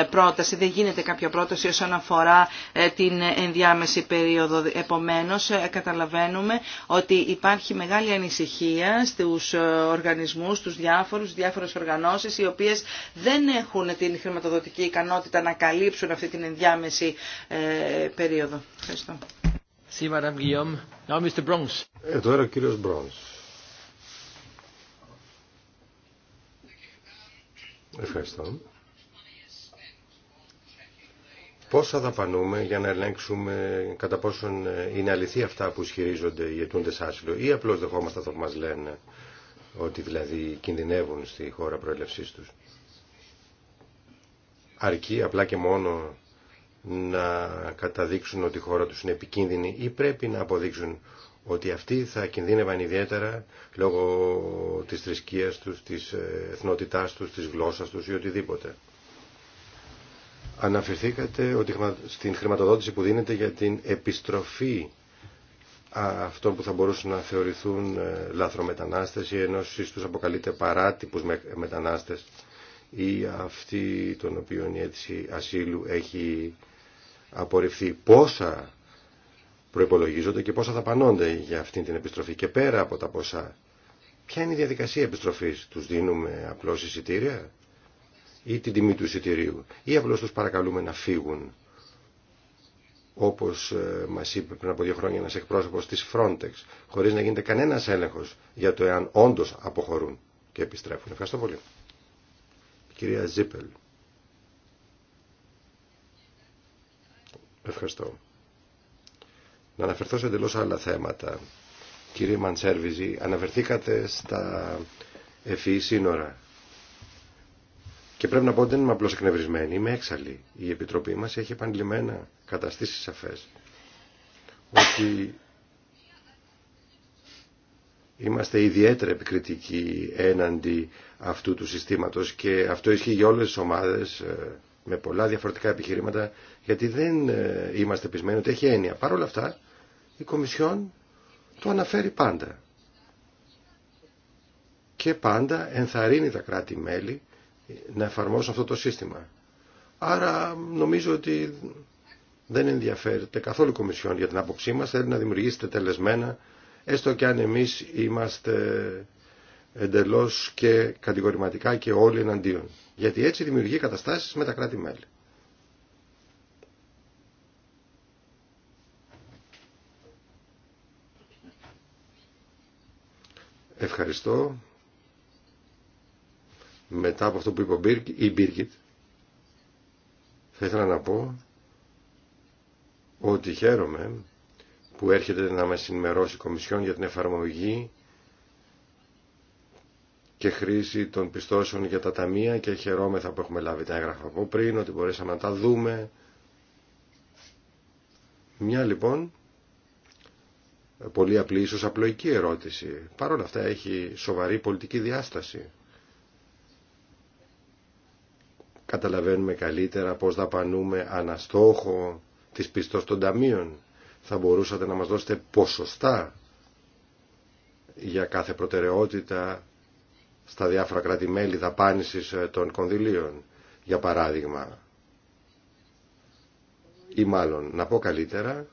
Speaker 3: πρόταση, δεν γίνεται κάποια πρόταση όσον αφορά ε, την ενδιάμεση περίοδο. Επομένως, ε, καταλαβαίνουμε ότι υπάρχει μεγάλη ανησυχία στους ε, οργανισμούς, στους διάφορους, διάφορες οργανώσεις, οι οποίες δεν έχουν την χρηματοδοτική ικανότητα να καλύψουν αυτή την ενδιάμεση περίοδο.
Speaker 2: Ευχαριστώ. Ευχαριστώ θα δαπανούμε για να ελέγξουμε κατά πόσον ε, είναι αληθή αυτά που ισχυρίζονται οι αιτούντες άσυλο ή απλώς δεχόμαστε αυτό που μας λένε ότι δηλαδή κινδυνεύουν στη χώρα προέλευσής τους. Αρκεί απλά και μόνο να καταδείξουν ότι η χώρα τους είναι επικίνδυνη ή πρέπει να αποδείξουν ότι αυτοί θα κινδύνευαν ιδιαίτερα λόγω της θρησκείας τους, της ε, εθνότητάς τους, της γλώσσας τους ή οτιδήποτε. Αναφερθήκατε ότι στην χρηματοδότηση που δίνεται για την επιστροφή αυτών που θα μπορούσαν να θεωρηθούν ε, λάθρομετανάστες ή ενώσεις τους αποκαλείται παράτυπους μετανάστες ή αυτή των οποίων η αίτηση ασύλου έχει απορριφθεί. Πόσα προϋπολογίζονται και πόσα θα πανώνται για αυτή την επιστροφή και πέρα από τα πόσα. Ποια είναι η διαδικασία επιστροφής, τους δίνουμε απλώς εισιτήρια ή την τιμή του εισιτηρίου ή απλώς τους παρακαλούμε να φύγουν όπως ε, μας είπε πριν από δύο χρόνια ένας εκπρόσωπος της Frontex χωρίς να γίνεται κανένας έλεγχος για το εάν όντως αποχωρούν και επιστρέφουν. Ευχαριστώ πολύ. Κυρία Ζίπελ. Ευχαριστώ. Να αναφερθώ σε εντελώς άλλα θέματα. Κύριε Μαντσέρβιζη, αναφερθήκατε στα ευφυή e e σύνορα και πρέπει να πω ότι δεν είμαι απλώ εκνευρισμένη, είμαι έξαλλη. Η Επιτροπή μα έχει επανειλημμένα καταστήσει σαφέ ότι είμαστε ιδιαίτερα επικριτικοί έναντι αυτού του συστήματο και αυτό ισχύει για όλες τι ομάδες ε, με πολλά διαφορετικά επιχειρήματα γιατί δεν ε, είμαστε πεισμένοι ότι έχει έννοια. Παρ' όλα αυτά η Κομισιόν το αναφέρει πάντα και πάντα ενθαρρύνει τα κράτη-μέλη να εφαρμόσουν αυτό το σύστημα. Άρα νομίζω ότι δεν ενδιαφέρεται καθόλου η Κομισιόν για την άποψή μας, θέλει να δημιουργήσετε τελεσμένα, έστω και αν εμείς είμαστε εντελώς και κατηγορηματικά και όλοι εναντίον. Γιατί έτσι δημιουργεί καταστάσεις με τα κράτη-μέλη. Ευχαριστώ μετά από αυτό που είπε η Μπίρκιτ, θα ήθελα να πω ότι χαίρομαι που έρχεται να μας ενημερώσει η Κομισιόν για την εφαρμογή και χρήση των πιστώσεων για τα ταμεία και χαιρόμεθα που έχουμε λάβει τα έγγραφα από πριν, ότι μπορέσαμε να τα δούμε. Μια λοιπόν πολύ απλή, ίσως απλοϊκή ερώτηση. Παρ' όλα αυτά έχει σοβαρή πολιτική διάσταση. καταλαβαίνουμε καλύτερα πώς δαπανούμε αναστόχο της πιστός των ταμείων. Θα μπορούσατε να μας δώσετε ποσοστά για κάθε προτεραιότητα στα διάφορα κράτη-μέλη δαπάνησης ε, των κονδυλίων. Για παράδειγμα, ή μάλλον να πω καλύτερα,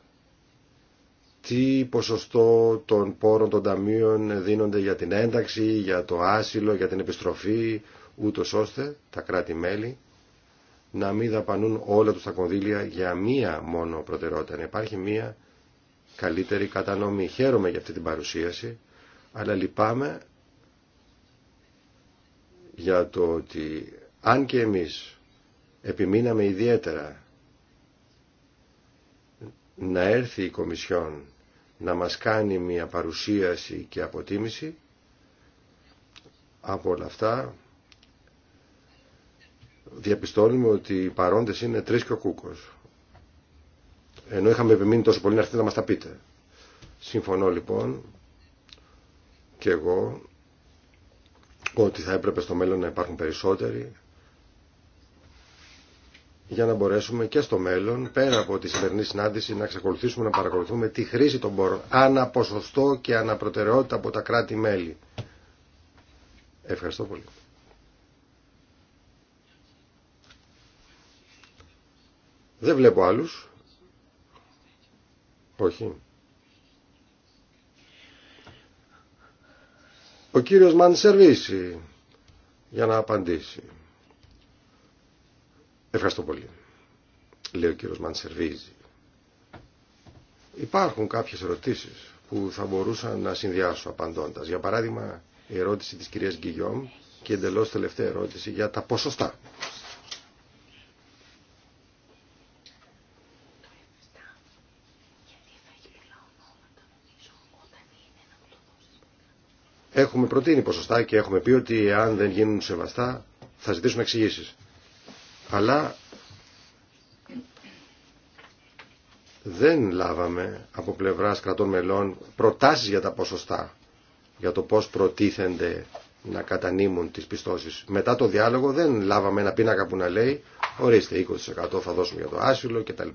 Speaker 2: τι ποσοστό των πόρων των ταμείων δίνονται για την ένταξη, για το άσυλο, για την επιστροφή, ούτω ώστε τα κράτη-μέλη να μην δαπανούν όλα τους τα κονδύλια για μία μόνο προτεραιότητα. Να υπάρχει μία καλύτερη κατανομή. Χαίρομαι για αυτή την παρουσίαση, αλλά λυπάμαι για το ότι αν και εμείς επιμείναμε ιδιαίτερα να έρθει η Κομισιόν να μας κάνει μια παρουσίαση και αποτίμηση, από όλα αυτά διαπιστώνουμε ότι οι παρόντες είναι τρει και ο κούκο. Ενώ είχαμε επιμείνει τόσο πολύ να έρθετε να μα τα πείτε. Συμφωνώ λοιπόν και εγώ ότι θα έπρεπε στο μέλλον να υπάρχουν περισσότεροι για να μπορέσουμε και στο μέλλον, πέρα από τη σημερινή συνάντηση, να ξεκολουθήσουμε να παρακολουθούμε τη χρήση των πόρων, ανά ποσοστό και ανά από τα κράτη-μέλη. Ευχαριστώ πολύ. Δεν βλέπω άλλους. Όχι. Ο κύριος Μανσερβίση για να απαντήσει. Ευχαριστώ πολύ. Λέει ο κύριος Μανσερβίζη. Υπάρχουν κάποιες ερωτήσεις που θα μπορούσα να συνδυάσω απαντώντας. Για παράδειγμα, η ερώτηση της κυρίας Γκυγιόμ και εντελώς τελευταία ερώτηση για τα ποσοστά. Έχουμε προτείνει ποσοστά και έχουμε πει ότι αν δεν γίνουν σεβαστά θα ζητήσουμε εξηγήσει. Αλλά δεν λάβαμε από πλευρά κρατών μελών προτάσεις για τα ποσοστά, για το πώς προτίθενται να κατανείμουν τις πιστώσεις. Μετά το διάλογο δεν λάβαμε ένα πίνακα που να λέει ορίστε 20% θα δώσουμε για το άσυλο κτλ.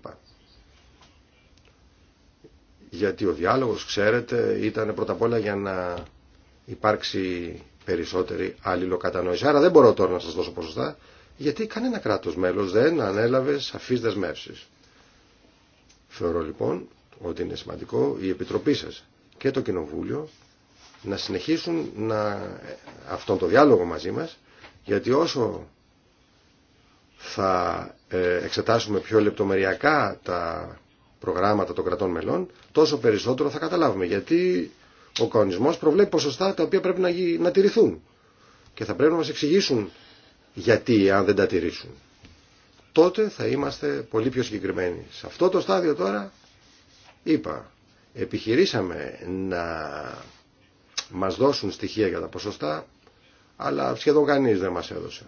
Speaker 2: Γιατί ο διάλογος, ξέρετε, ήταν πρώτα απ' όλα για να υπάρξει περισσότερη αλληλοκατανόηση. Άρα δεν μπορώ τώρα να σας δώσω ποσοστά, γιατί κανένα κράτο μέλος δεν ανέλαβε σαφείς δεσμεύσει. Θεωρώ λοιπόν ότι είναι σημαντικό η Επιτροπή σας και το Κοινοβούλιο να συνεχίσουν να... Ε, αυτόν τον διάλογο μαζί μας, γιατί όσο θα ε, εξετάσουμε πιο λεπτομεριακά τα προγράμματα των κρατών μελών, τόσο περισσότερο θα καταλάβουμε. Γιατί ο κανονισμός προβλέπει ποσοστά τα οποία πρέπει να, να τηρηθούν και θα πρέπει να μας εξηγήσουν γιατί αν δεν τα τηρήσουν. Τότε θα είμαστε πολύ πιο συγκεκριμένοι. Σε αυτό το στάδιο τώρα είπα, επιχειρήσαμε να μας δώσουν στοιχεία για τα ποσοστά, αλλά σχεδόν κανείς δεν μας έδωσε.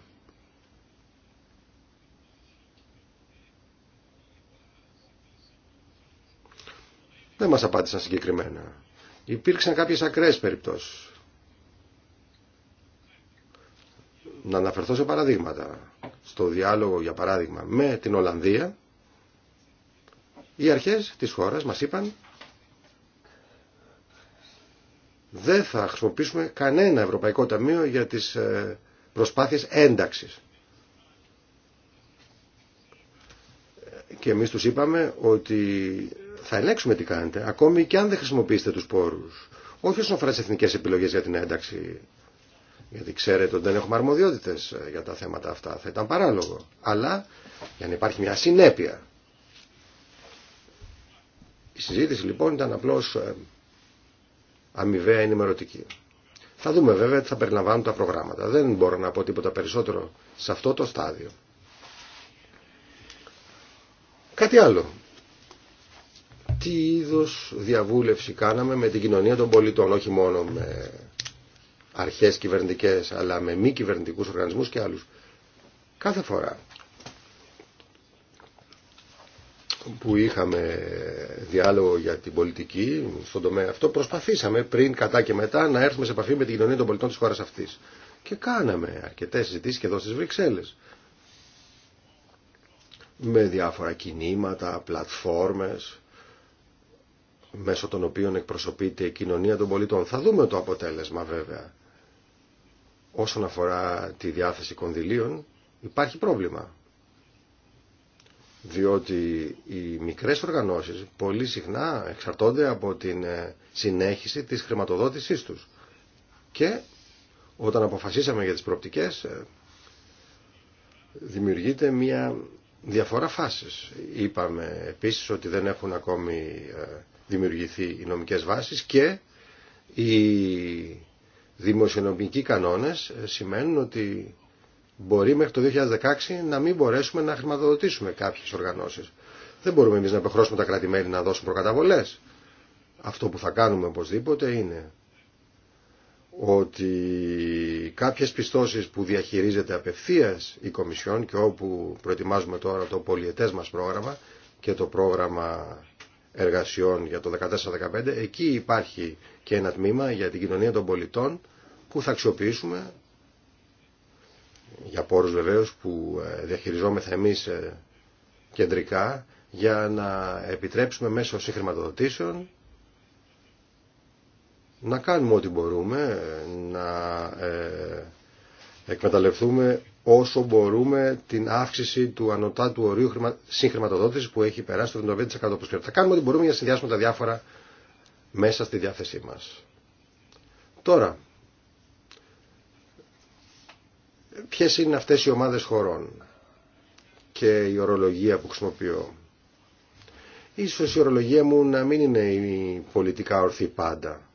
Speaker 2: Δεν μας απάντησαν συγκεκριμένα. Υπήρξαν κάποιες ακραίες περιπτώσεις. Να αναφερθώ σε παραδείγματα. Στο διάλογο, για παράδειγμα, με την Ολλανδία, οι αρχές της χώρας μας είπαν δεν θα χρησιμοποιήσουμε κανένα Ευρωπαϊκό Ταμείο για τις ε, προσπάθειες ένταξης. Και εμείς τους είπαμε ότι θα ελέγξουμε τι κάνετε, ακόμη και αν δεν χρησιμοποιήσετε τους πόρους. Όχι όσον αφορά τι εθνικές επιλογές για την ένταξη, γιατί ξέρετε ότι δεν έχουμε αρμοδιότητες ε, για τα θέματα αυτά, θα ήταν παράλογο. Αλλά για να υπάρχει μια συνέπεια. Η συζήτηση λοιπόν ήταν απλώς ε, αμοιβαία ενημερωτική. Θα δούμε βέβαια τι θα περιλαμβάνουν τα προγράμματα. Δεν μπορώ να πω τίποτα περισσότερο σε αυτό το στάδιο. Κάτι άλλο τι είδος διαβούλευση κάναμε με την κοινωνία των πολιτών, όχι μόνο με αρχές κυβερνητικές, αλλά με μη κυβερνητικούς οργανισμούς και άλλους. Κάθε φορά που είχαμε διάλογο για την πολιτική στον τομέα αυτό, προσπαθήσαμε πριν, κατά και μετά, να έρθουμε σε επαφή με την κοινωνία των πολιτών της χώρας αυτής. Και κάναμε αρκετές συζητήσεις και εδώ στις Βρυξέλλες. Με διάφορα κινήματα, πλατφόρμες, μέσω των οποίων εκπροσωπείται η κοινωνία των πολιτών. Θα δούμε το αποτέλεσμα βέβαια. Όσον αφορά τη διάθεση κονδυλίων υπάρχει πρόβλημα. Διότι οι μικρές οργανώσεις πολύ συχνά εξαρτώνται από την ε, συνέχιση της χρηματοδότησής τους. Και όταν αποφασίσαμε για τις προοπτικές ε, δημιουργείται μια διαφορά φάσης. Είπαμε επίσης ότι δεν έχουν ακόμη ε, δημιουργηθεί οι νομικές βάσεις και οι δημοσιονομικοί κανόνες σημαίνουν ότι μπορεί μέχρι το 2016 να μην μπορέσουμε να χρηματοδοτήσουμε κάποιες οργανώσεις. Δεν μπορούμε εμείς να επεχρώσουμε τα κρατη να δώσουν προκαταβολές. Αυτό που θα κάνουμε οπωσδήποτε είναι ότι κάποιες πιστώσεις που διαχειρίζεται απευθείας η Κομισιόν και όπου προετοιμάζουμε τώρα το πολιετές μας πρόγραμμα και το πρόγραμμα εργασιών για το 2014-2015 εκεί υπάρχει και ένα τμήμα για την κοινωνία των πολιτών που θα αξιοποιήσουμε για πόρους βεβαίως που ε, διαχειριζόμεθα εμείς ε, κεντρικά για να επιτρέψουμε μέσω συγχρηματοδοτήσεων να κάνουμε ό,τι μπορούμε, ε, να εκμεταλλευτούμε όσο μπορούμε την αύξηση του του ορίου συγχρηματοδότηση που έχει περάσει το 75% όπως Θα κάνουμε ό,τι μπορούμε για να συνδυάσουμε τα διάφορα μέσα στη διάθεσή μας. Τώρα, ποιες είναι αυτές οι ομάδες χωρών και η ορολογία που χρησιμοποιώ. Ίσως η ορολογία μου να μην είναι η πολιτικά ορθή πάντα.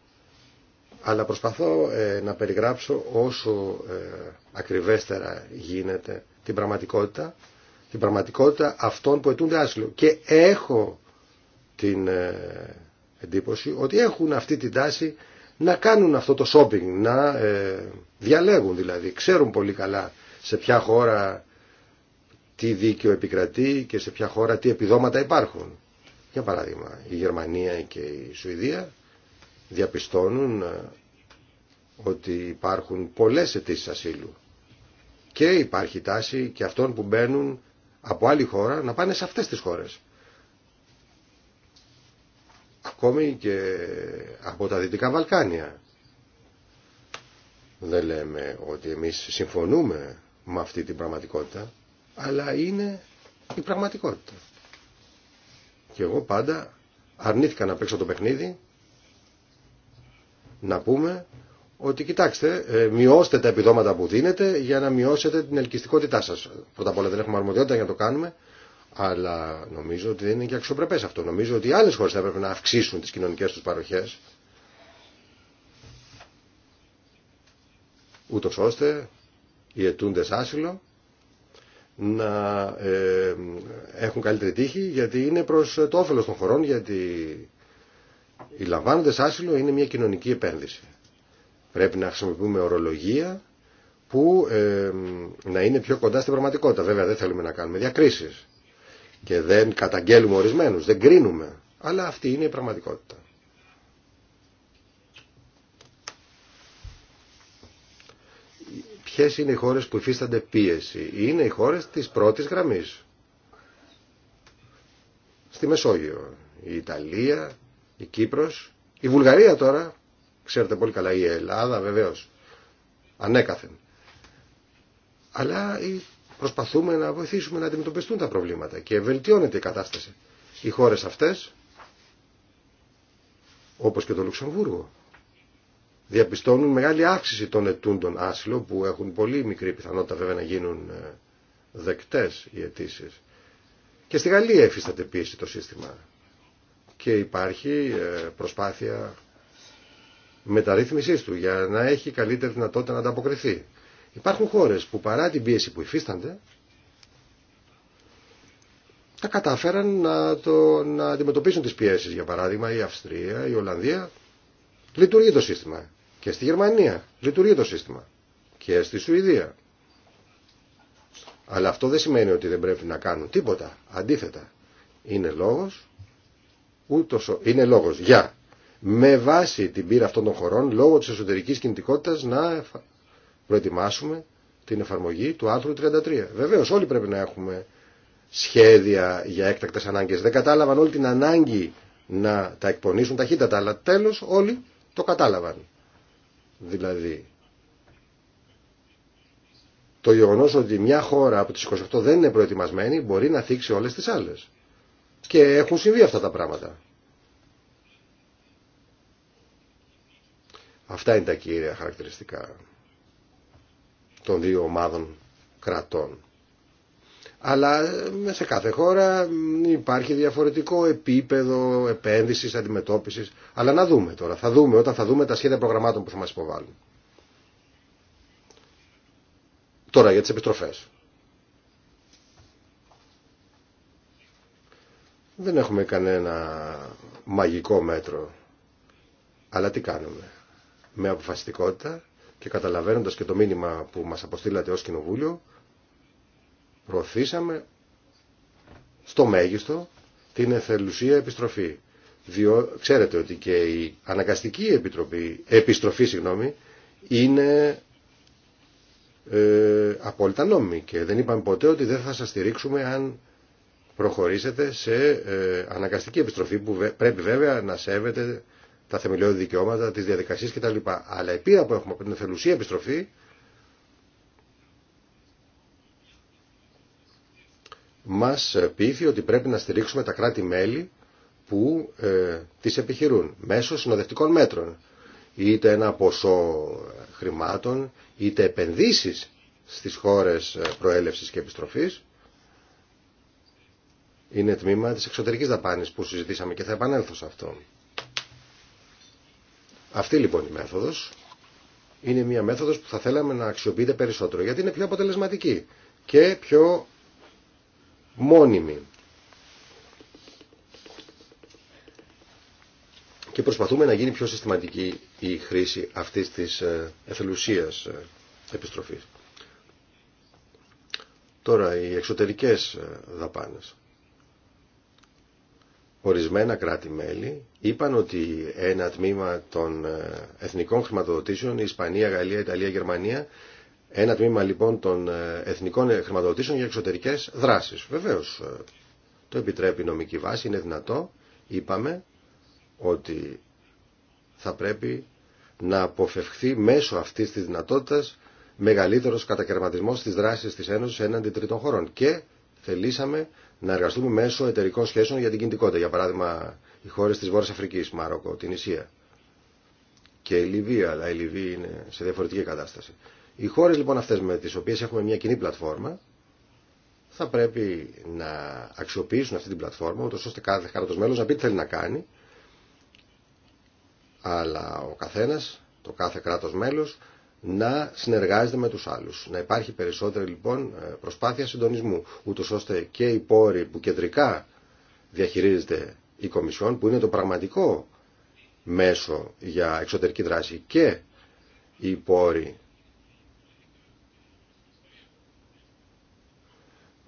Speaker 2: Αλλά προσπαθώ ε, να περιγράψω όσο ε, ακριβέστερα γίνεται την πραγματικότητα, την πραγματικότητα αυτών που ετούνται άσυλο. Και έχω την ε, εντύπωση ότι έχουν αυτή την τάση να κάνουν αυτό το shopping, να διαλέγουν δηλαδή. Ξέρουν πολύ καλά σε ποια χώρα τι δίκαιο επικρατεί και σε ποια χώρα τι επιδόματα υπάρχουν. Για παράδειγμα, η Γερμανία και η Σουηδία διαπιστώνουν ε, ότι υπάρχουν πολλές αιτήσει ασύλου και υπάρχει τάση και αυτών που μπαίνουν από άλλη χώρα να πάνε σε αυτές τις χώρες. Ακόμη και από τα Δυτικά Βαλκάνια. Δεν λέμε ότι εμείς συμφωνούμε με αυτή την πραγματικότητα, αλλά είναι η πραγματικότητα. Και εγώ πάντα αρνήθηκα να παίξω το παιχνίδι να πούμε ότι κοιτάξτε, ε, μειώστε τα επιδόματα που δίνετε για να μειώσετε την ελκυστικότητά σα. Πρώτα απ' όλα δεν έχουμε αρμοδιότητα για να το κάνουμε, αλλά νομίζω ότι δεν είναι και αξιοπρεπέ αυτό. Νομίζω ότι οι άλλες χώρες θα έπρεπε να αυξήσουν τις κοινωνικές του παροχέ. ούτω ώστε οι ετούντες άσυλο να ε, έχουν καλύτερη τύχη γιατί είναι προς το όφελος των χωρών γιατί οι λαμβάνοντες άσυλο είναι μια κοινωνική επένδυση. Πρέπει να χρησιμοποιούμε ορολογία που να είναι πιο κοντά στην πραγματικότητα. Βέβαια δεν θέλουμε να κάνουμε διακρίσεις και δεν καταγγέλουμε ορισμένους, δεν κρίνουμε. Αλλά αυτή είναι η πραγματικότητα. Ποιες είναι οι χώρες που υφίστανται πίεση. Είναι οι χώρες της πρώτης γραμμής. Στη Μεσόγειο. Η Ιταλία, η Κύπρος, η Βουλγαρία τώρα, ξέρετε πολύ καλά η Ελλάδα βεβαίως, ανέκαθεν. Αλλά προσπαθούμε να βοηθήσουμε να αντιμετωπιστούν τα προβλήματα και βελτιώνεται η κατάσταση. Οι χώρες αυτές, όπως και το Λουξεμβούργο, διαπιστώνουν μεγάλη αύξηση των ετούντων άσυλο που έχουν πολύ μικρή πιθανότητα βέβαια να γίνουν ε, δεκτές οι αιτήσει. Και στη Γαλλία εφίσταται πίεση το σύστημα και υπάρχει ε, προσπάθεια μεταρρύθμισης του για να έχει καλύτερη δυνατότητα να ανταποκριθεί. Υπάρχουν χώρες που παρά την πίεση που υφίστανται τα κατάφεραν να, το, να αντιμετωπίσουν τις πιέσεις. Για παράδειγμα η Αυστρία, η Ολλανδία λειτουργεί το σύστημα. Και στη Γερμανία λειτουργεί το σύστημα. Και στη Σουηδία. Αλλά αυτό δεν σημαίνει ότι δεν πρέπει να κάνουν τίποτα. Αντίθετα, είναι λόγος ούτως, είναι λόγος για με βάση την πείρα αυτών των χωρών λόγω της εσωτερικής κινητικότητας να προετοιμάσουμε την εφαρμογή του άρθρου 33. Βεβαίως όλοι πρέπει να έχουμε σχέδια για έκτακτες ανάγκες. Δεν κατάλαβαν όλη την ανάγκη να τα εκπονήσουν ταχύτατα, αλλά τέλος όλοι το κατάλαβαν. Δηλαδή, το γεγονός ότι μια χώρα από τις 28 δεν είναι προετοιμασμένη μπορεί να θίξει όλες τις άλλες. Και έχουν συμβεί αυτά τα πράγματα. Αυτά είναι τα κύρια χαρακτηριστικά των δύο ομάδων κρατών. Αλλά ε, σε κάθε χώρα υπάρχει διαφορετικό επίπεδο επένδυσης, αντιμετώπισης. Αλλά να δούμε τώρα. Θα δούμε όταν θα δούμε τα σχέδια προγραμμάτων που θα μας υποβάλουν. Τώρα για τις επιστροφές. Δεν έχουμε κανένα μαγικό μέτρο. Αλλά τι κάνουμε. Με αποφασιστικότητα και καταλαβαίνοντας και το μήνυμα που μας αποστήλατε ως Κοινοβούλιο, προωθήσαμε στο μέγιστο την εθελουσία επιστροφή. Διό... Ξέρετε ότι και η αναγκαστική επιτροπή, επιστροφή συγγνώμη, είναι ε, απόλυτα νόμιμη και δεν είπαμε ποτέ ότι δεν θα σας στηρίξουμε αν προχωρήσετε σε ε, αναγκαστική επιστροφή που πρέπει βέβαια να σέβεται τα θεμελιώδη δικαιώματα, τις διαδικασίες κτλ. Αλλά η πείρα που έχουμε από την εθελουσία επιστροφή μας πείθει ότι πρέπει να στηρίξουμε τα κράτη-μέλη που ε, τις επιχειρούν μέσω συνοδευτικών μέτρων. Είτε ένα ποσό χρημάτων, είτε επενδύσεις στις χώρες ε, προέλευσης και επιστροφής είναι τμήμα της εξωτερικής δαπάνης που συζητήσαμε και θα επανέλθω σε αυτό. Αυτή λοιπόν η μέθοδος είναι μια μέθοδος που θα θέλαμε να αξιοποιείται περισσότερο γιατί είναι πιο αποτελεσματική και πιο μόνιμη. Και προσπαθούμε να γίνει πιο συστηματική η χρήση αυτής της ε, εθελουσίας ε, επιστροφής. Τώρα, οι εξωτερικές ε, δαπάνες ορισμένα κράτη-μέλη είπαν ότι ένα τμήμα των ε, εθνικών χρηματοδοτήσεων, η Ισπανία, Γαλλία, Ιταλία, Γερμανία, ένα τμήμα λοιπόν των ε, εθνικών χρηματοδοτήσεων για εξωτερικές δράσεις. Βεβαίως ε, το επιτρέπει η νομική βάση, είναι δυνατό. Είπαμε ότι θα πρέπει να αποφευχθεί μέσω αυτής της δυνατότητας μεγαλύτερος κατακαιρματισμός της δράσης της Ένωσης έναντι τρίτων χωρών. Και θελήσαμε να εργαστούμε μέσω εταιρικών σχέσεων για την κινητικότητα. Για παράδειγμα, οι χώρε τη Βόρεια Αφρική, Μαρόκο, την Ισία και η Λιβύη, αλλά η Λιβύη είναι σε διαφορετική κατάσταση. Οι χώρε λοιπόν αυτέ με τι οποίε έχουμε μια κοινή πλατφόρμα θα πρέπει να αξιοποιήσουν αυτή την πλατφόρμα, ώστε κάθε κράτο μέλο να πει τι θέλει να κάνει, αλλά ο καθένα, το κάθε κράτο μέλο να συνεργάζεται με τους άλλους. Να υπάρχει περισσότερη λοιπόν ε, προσπάθεια συντονισμού, ούτως ώστε και οι πόροι που κεντρικά διαχειρίζεται η Κομισιόν, που είναι το πραγματικό μέσο για εξωτερική δράση και οι πόροι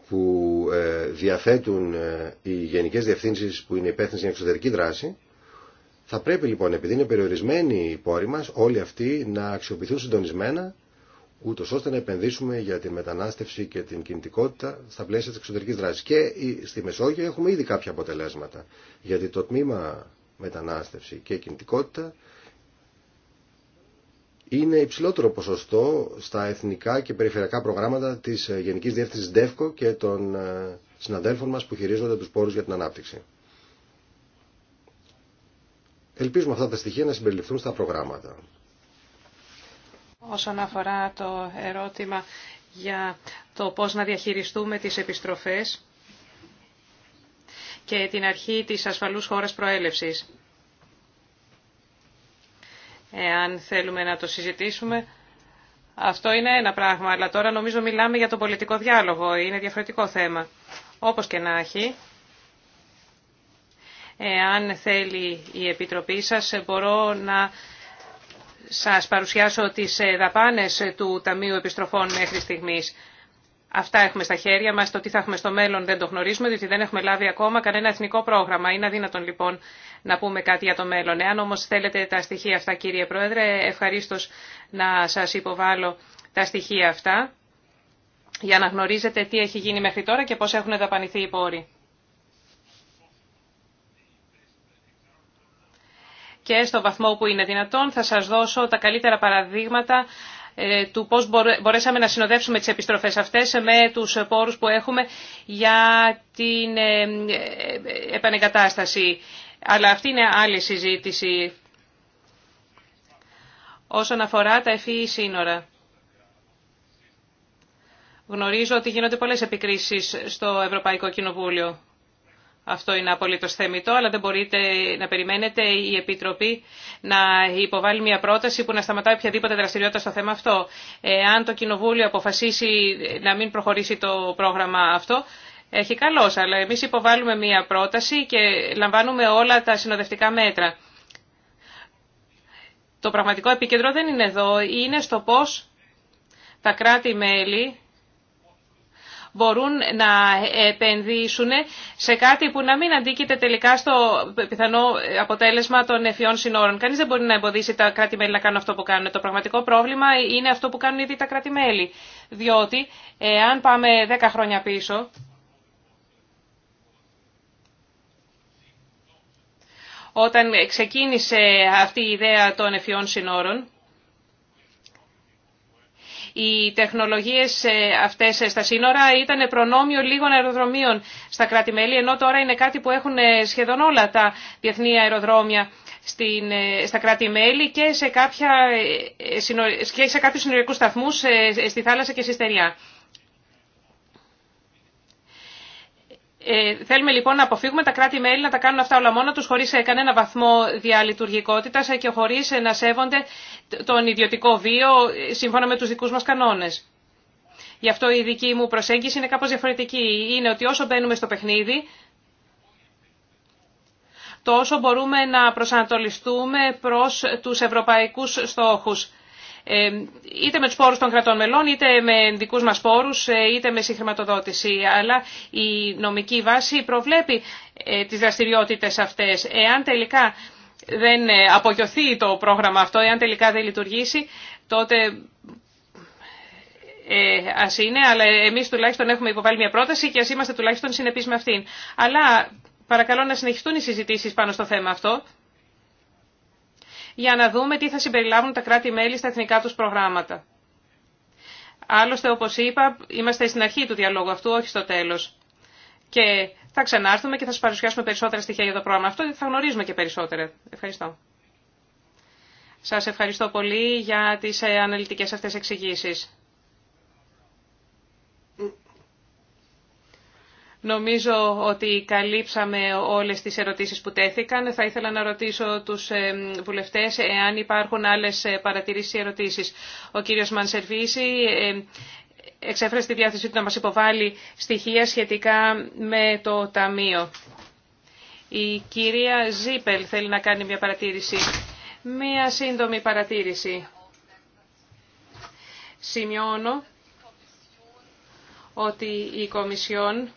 Speaker 2: που ε, διαθέτουν ε, οι γενικές διευθύνσεις που είναι υπεύθυνες για εξωτερική δράση, θα πρέπει λοιπόν, επειδή είναι περιορισμένοι οι πόροι μα, όλοι αυτοί να αξιοποιηθούν συντονισμένα, ούτω ώστε να επενδύσουμε για τη μετανάστευση και την κινητικότητα στα πλαίσια τη εξωτερική δράση Και στη Μεσόγειο έχουμε ήδη κάποια αποτελέσματα, γιατί το τμήμα μετανάστευση και κινητικότητα είναι υψηλότερο ποσοστό στα εθνικά και περιφερειακά προγράμματα της Γενικής Διεύθυνσης ΔΕΦΚΟ και των ε, συναδέλφων μας που χειρίζονται τους πόρους για την ανάπτυξη. Ελπίζουμε αυτά τα στοιχεία να συμπεριληφθούν στα προγράμματα.
Speaker 1: Όσον αφορά το ερώτημα για το πώς να διαχειριστούμε τις επιστροφές και την αρχή της ασφαλούς χώρας προέλευσης. Εάν θέλουμε να το συζητήσουμε, αυτό είναι ένα πράγμα, αλλά τώρα νομίζω μιλάμε για τον πολιτικό διάλογο, είναι διαφορετικό θέμα. Όπως και να έχει, αν θέλει η Επιτροπή σας, μπορώ να σας παρουσιάσω τις ε, δαπάνες του Ταμείου Επιστροφών μέχρι στιγμής. Αυτά έχουμε στα χέρια μας, το τι θα έχουμε στο μέλλον δεν το γνωρίζουμε, διότι δεν έχουμε λάβει ακόμα κανένα εθνικό πρόγραμμα. Είναι αδύνατον λοιπόν να πούμε κάτι για το μέλλον. Εάν όμως θέλετε τα στοιχεία αυτά κύριε Πρόεδρε, ευχαρίστω να σας υποβάλω τα στοιχεία αυτά για να γνωρίζετε τι έχει γίνει μέχρι τώρα και πώς έχουν δαπανηθεί οι πόροι. και στο βαθμό που είναι δυνατόν θα σας δώσω τα καλύτερα παραδείγματα ε, του πώς μπορέσαμε να συνοδεύσουμε τις επιστροφές αυτές με τους πόρους που έχουμε για την ε, ε, επανεγκατάσταση. Αλλά αυτή είναι άλλη συζήτηση όσον αφορά τα ευφυή e σύνορα. Γνωρίζω ότι γίνονται πολλές επικρίσεις στο Ευρωπαϊκό Κοινοβούλιο. Αυτό είναι απολύτω θεμητό, αλλά δεν μπορείτε να περιμένετε η Επιτροπή να υποβάλει μια πρόταση που να σταματάει οποιαδήποτε δραστηριότητα στο θέμα αυτό. Αν το Κοινοβούλιο αποφασίσει να μην προχωρήσει το πρόγραμμα αυτό, έχει καλώ, αλλά εμεί υποβάλλουμε μια πρόταση και λαμβάνουμε όλα τα συνοδευτικά μέτρα. Το πραγματικό επίκεντρο δεν είναι εδώ, είναι στο πώς τα κράτη-μέλη μπορούν να επενδύσουν σε κάτι που να μην αντίκειται τελικά στο πιθανό αποτέλεσμα των ευφυών συνόρων. Κανείς δεν μπορεί να εμποδίσει τα κράτη-μέλη να κάνουν αυτό που κάνουν. Το πραγματικό πρόβλημα είναι αυτό που κάνουν ήδη τα κράτη-μέλη. Διότι, αν πάμε 10 χρόνια πίσω, όταν ξεκίνησε αυτή η ιδέα των ευφυών συνόρων, οι τεχνολογίες ε, αυτές ε, στα σύνορα ήταν προνόμιο λίγων αεροδρομίων στα κράτη-μέλη, ενώ τώρα είναι κάτι που έχουν ε, σχεδόν όλα τα διεθνή αεροδρόμια στα κράτη-μέλη και σε, κάποια, και σε κάποιους συνοριακούς σταθμούς στη θάλασσα και στη στεριά. Ε, θέλουμε λοιπόν να αποφύγουμε τα κράτη-μέλη να τα κάνουν αυτά όλα μόνα τους χωρίς ε, κανένα βαθμό διαλειτουργικότητας ε, και χωρίς να σέβονται τον ιδιωτικό βίο σύμφωνα με τους δικούς μας κανόνες. Γι' αυτό η δική μου προσέγγιση είναι κάπως διαφορετική. Είναι ότι όσο μπαίνουμε στο παιχνίδι, τόσο μπορούμε να προσανατολιστούμε προς τους ευρωπαϊκούς στόχους. Ε, είτε με τους πόρους των κρατών μελών, είτε με δικούς μας πόρους, ε, είτε με συγχρηματοδότηση. Αλλά η νομική βάση προβλέπει ε, τις δραστηριότητες αυτές. Εάν τελικά δεν απογειωθεί το πρόγραμμα αυτό, εάν τελικά δεν λειτουργήσει, τότε ε, ας είναι, αλλά εμείς τουλάχιστον έχουμε υποβάλει μια πρόταση και ας είμαστε τουλάχιστον συνεπείς με αυτήν. Αλλά παρακαλώ να συνεχιστούν οι συζητήσεις πάνω στο θέμα αυτό για να δούμε τι θα συμπεριλάβουν τα κράτη-μέλη στα εθνικά τους προγράμματα. Άλλωστε, όπως είπα, είμαστε στην αρχή του διαλόγου αυτού, όχι στο τέλος. Και θα ξανάρθουμε και θα σας παρουσιάσουμε περισσότερα στοιχεία για το πρόγραμμα αυτό γιατί θα γνωρίζουμε και περισσότερα. Ευχαριστώ. Σας ευχαριστώ πολύ για τις ε, αναλυτικές αυτές εξηγήσεις. Νομίζω ότι καλύψαμε όλες τις ερωτήσεις που τέθηκαν. Θα ήθελα να ρωτήσω τους ε, βουλευτές εάν υπάρχουν άλλες ε, παρατηρήσεις ή ερωτήσεις. Ο κύριος Μανσερβίση ε, εξέφερε τη διάθεσή του να μας υποβάλει στοιχεία σχετικά με το Ταμείο. Η κυρία Ζίπελ θέλει να κάνει μια παρατήρηση. Μία σύντομη παρατήρηση. Σημειώνω ότι η Κομισιόν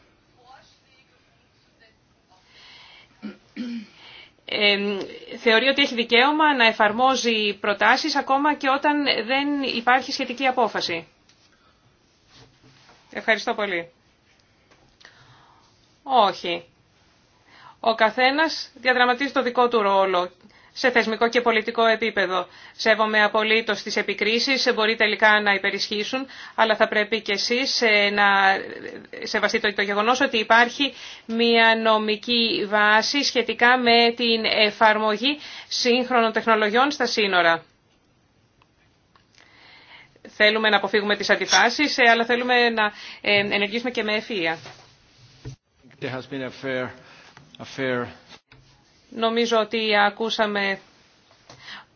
Speaker 1: θεωρεί ότι έχει δικαίωμα να εφαρμόζει προτάσεις ακόμα και όταν δεν υπάρχει σχετική απόφαση. Ευχαριστώ πολύ. Όχι. Ο καθένας διαδραματίζει το δικό του ρόλο σε θεσμικό και πολιτικό επίπεδο. Σέβομαι απολύτω τι επικρίσει, μπορεί τελικά να υπερισχύσουν, αλλά θα πρέπει και εσεί ε, να σεβαστείτε το γεγονό ότι υπάρχει μια νομική βάση σχετικά με την εφαρμογή σύγχρονων τεχνολογιών στα σύνορα. Θέλουμε να αποφύγουμε τις αντιφάσεις, ε, αλλά θέλουμε να ε, ενεργήσουμε και με ευφυΐα. Νομίζω ότι ακούσαμε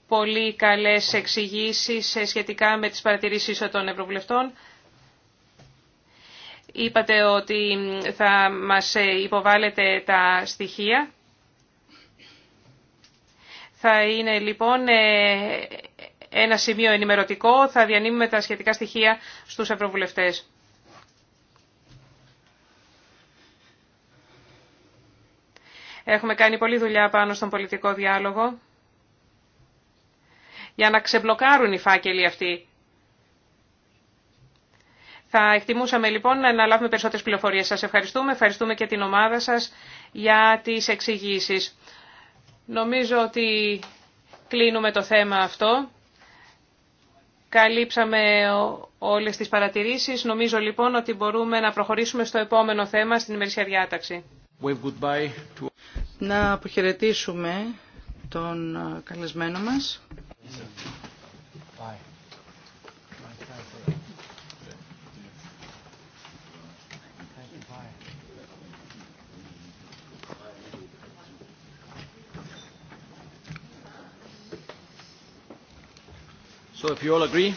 Speaker 1: πολύ καλές εξηγήσει σχετικά με τις παρατηρήσεις των Ευρωβουλευτών. Είπατε ότι θα μας υποβάλλετε τα στοιχεία. Θα είναι λοιπόν ε, ένα σημείο ενημερωτικό, θα διανύμουμε τα σχετικά στοιχεία στους Ευρωβουλευτές. Έχουμε κάνει πολλή δουλειά πάνω στον πολιτικό διάλογο για να ξεμπλοκάρουν οι φάκελοι αυτοί. Θα εκτιμούσαμε λοιπόν να λάβουμε περισσότερες πληροφορίες. Σας ευχαριστούμε, ευχαριστούμε και την ομάδα σας για τις εξηγήσει. Νομίζω ότι κλείνουμε το θέμα αυτό. Καλύψαμε όλες τις παρατηρήσεις. Νομίζω λοιπόν ότι μπορούμε να προχωρήσουμε στο επόμενο θέμα στην ημερήσια διάταξη.
Speaker 3: Να αποχαιρετήσουμε τον καλεσμένο μας.
Speaker 2: So if you all agree...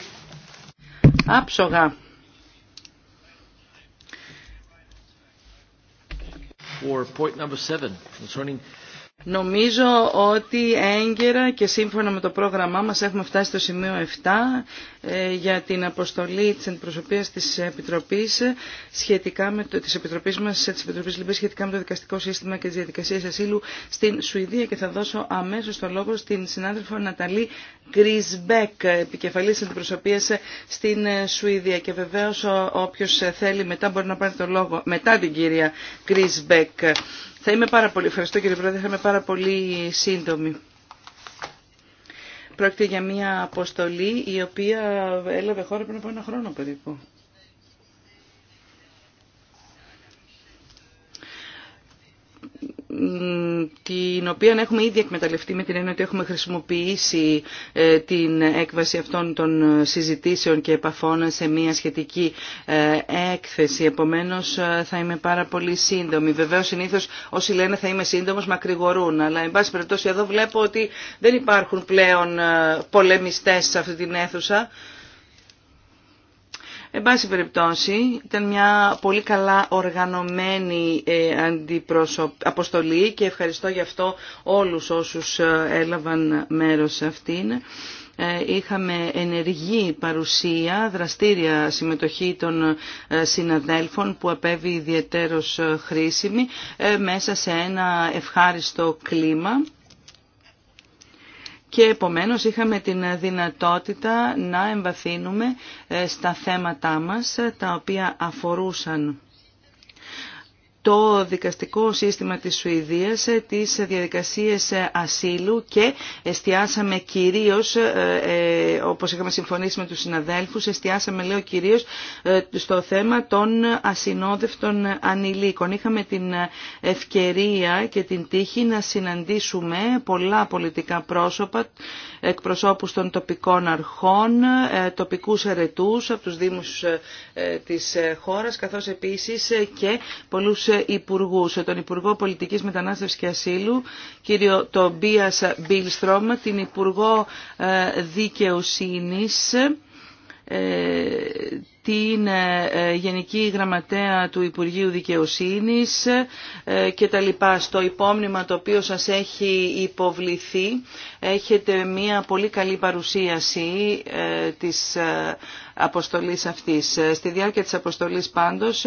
Speaker 3: Άψογα. for point number seven concerning Νομίζω ότι έγκαιρα και σύμφωνα με το πρόγραμμά μας έχουμε φτάσει στο σημείο 7 ε, για την αποστολή της αντιπροσωπείας της Επιτροπής, ε, σχετικά με το, της Επιτροπής μας, της Επιτροπής Λιμπής, σχετικά με το δικαστικό σύστημα και τις διαδικασίες ασύλου στην Σουηδία και θα δώσω αμέσως το λόγο στην συνάδελφο Ναταλή Γκρισμπέκ, επικεφαλής αντιπροσωπείας ε, στην Σουηδία και βεβαίως όποιος θέλει μετά μπορεί να πάρει το λόγο μετά την κυρία Γκρισμπέκ. Θα είμαι πάρα πολύ, ευχαριστώ κύριε Πρόεδρε, θα είμαι πάρα πολύ σύντομη. Πρόκειται για μια αποστολή η οποία έλαβε χώρα πριν από ένα χρόνο περίπου. την οποία έχουμε ήδη εκμεταλλευτεί με την έννοια ότι έχουμε χρησιμοποιήσει ε, την έκβαση αυτών των συζητήσεων και επαφών σε μια σχετική ε, έκθεση. Επομένως ε, θα είμαι πάρα πολύ σύντομη. Βεβαίως συνήθως όσοι λένε θα είμαι σύντομος μακρηγορούν, αλλά εν πάση περιπτώσει εδώ βλέπω ότι δεν υπάρχουν πλέον πολεμιστές σε αυτή την αίθουσα. Εν πάση περιπτώσει, ήταν μια πολύ καλά οργανωμένη ε, αποστολή και ευχαριστώ γι' αυτό όλους όσους ε, έλαβαν μέρος σε αυτήν. Ε, είχαμε ενεργή παρουσία, δραστήρια συμμετοχή των συναδέλφων που απέβη ιδιαίτερος χρήσιμη μέσα σε ένα ευχάριστο κλίμα και επομένως είχαμε την δυνατότητα να εμβαθύνουμε ε, στα θέματά μας ε, τα οποία αφορούσαν το δικαστικό σύστημα της Σουηδίας, ε, τις διαδικασίες ε, ασύλου και εστιάσαμε κυρίως, ε, όπως είχαμε συμφωνήσει με τους συναδέλφους, εστιάσαμε λέω κυρίως στο θέμα των ασυνόδευτων ανηλίκων. Είχαμε την ευκαιρία και την τύχη να συναντήσουμε πολλά πολιτικά πρόσωπα εκπροσώπους των τοπικών αρχών, ε, τοπικούς ερετούς από τους Δήμους ε, της ε, χώρας, καθώς επίσης και πολλούς υπουργούς. Τον Υπουργό Πολιτικής Μετανάστευσης και Ασύλου, κύριο Τομπίας Μπίλστρομ, την Υπουργό Δικαιοσύνης, ε, την ε, Γενική Γραμματέα του Υπουργείου Δικαιοσύνης ε, και τα λοιπά. Στο υπόμνημα το οποίο σας έχει υποβληθεί έχετε μια πολύ καλή παρουσίαση της αποστολής αυτής. Στη διάρκεια της αποστολής πάντως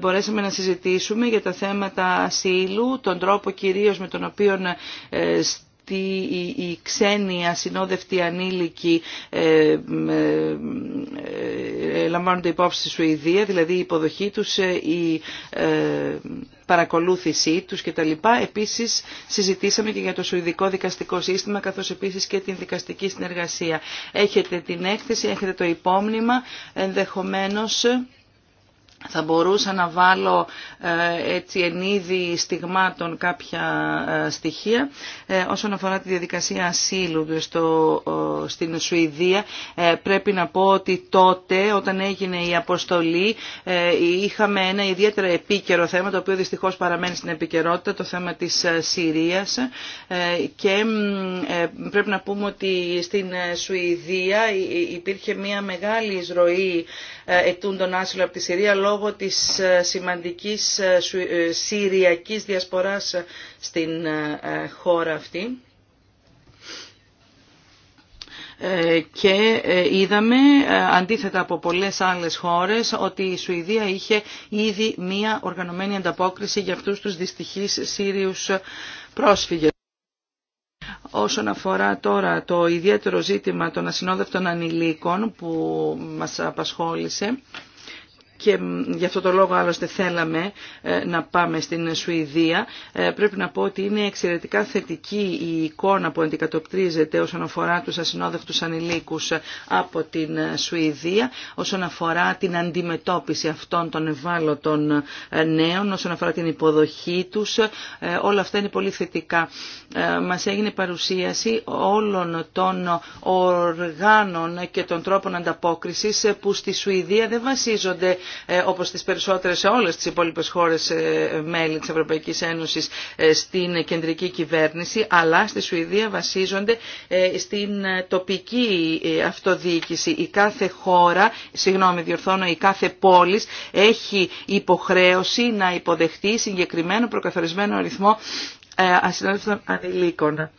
Speaker 3: μπορέσαμε να συζητήσουμε για τα θέματα ασύλου, τον τρόπο κυρίως με τον οποίο ότι οι ξένοι ασυνόδευτοι ανήλικοι ε, ε, ε, λαμβάνονται υπόψη στη Σουηδία, δηλαδή η υποδοχή τους, η παρακολούθησή τους κτλ. Επίσης συζητήσαμε και για το Σουηδικό Δικαστικό Σύστημα καθώς επίσης και την δικαστική συνεργασία. Έχετε την έκθεση, έχετε το υπόμνημα, ενδεχομένως θα μπορούσα να βάλω ε, έτσι εν είδη στιγμάτων κάποια ε, στοιχεία ε, όσον αφορά τη διαδικασία ασύλου στο, στην Σουηδία πρέπει να πω ότι τότε όταν έγινε η αποστολή είχαμε ένα ιδιαίτερα επίκαιρο θέμα το οποίο δυστυχώς παραμένει στην επικαιρότητα το θέμα της Συρίας και πρέπει να πούμε ότι στην Σουηδία υπήρχε μια μεγάλη εισρωή ε, τον άσυλο από τη Συρία λόγω της ε, σημαντικής ε, συριακής διασποράς στην χώρα αυτή και είδαμε αντίθετα από πολλές άλλες χώρες ότι η Σουηδία είχε ήδη μία οργανωμένη ανταπόκριση για αυτούς τους δυστυχείς Σύριους πρόσφυγες. Όσον αφορά τώρα το ιδιαίτερο ζήτημα των ασυνόδευτων ανηλίκων που μας απασχόλησε, και γι' αυτό το λόγο άλλωστε θέλαμε ε, να πάμε στην Σουηδία. Ε, πρέπει να πω ότι είναι εξαιρετικά θετική η εικόνα που αντικατοπτρίζεται όσον αφορά τους ασυνόδευτους ανηλίκους ε, από την Σουηδία, όσον αφορά την αντιμετώπιση αυτών των ευάλωτων νέων, όσον αφορά την υποδοχή τους. Όλα αυτά είναι πολύ θετικά. Μας έγινε παρουσίαση όλων των οργάνων και των τρόπων ανταπόκρισης που στη Σουηδία δεν βασίζονται ε, όπως τις περισσότερες σε όλες τις υπόλοιπες χώρες ε, μέλη της Ευρωπαϊκής Ένωσης ε, στην κεντρική κυβέρνηση, αλλά στη Σουηδία βασίζονται στην τοπική αυτοδιοίκηση. Η κάθε χώρα, συγγνώμη διορθώνω, η κάθε πόλη έχει υποχρέωση να υποδεχτεί συγκεκριμένο προκαθορισμένο αριθμό ασυνόδευτων ανηλίκων.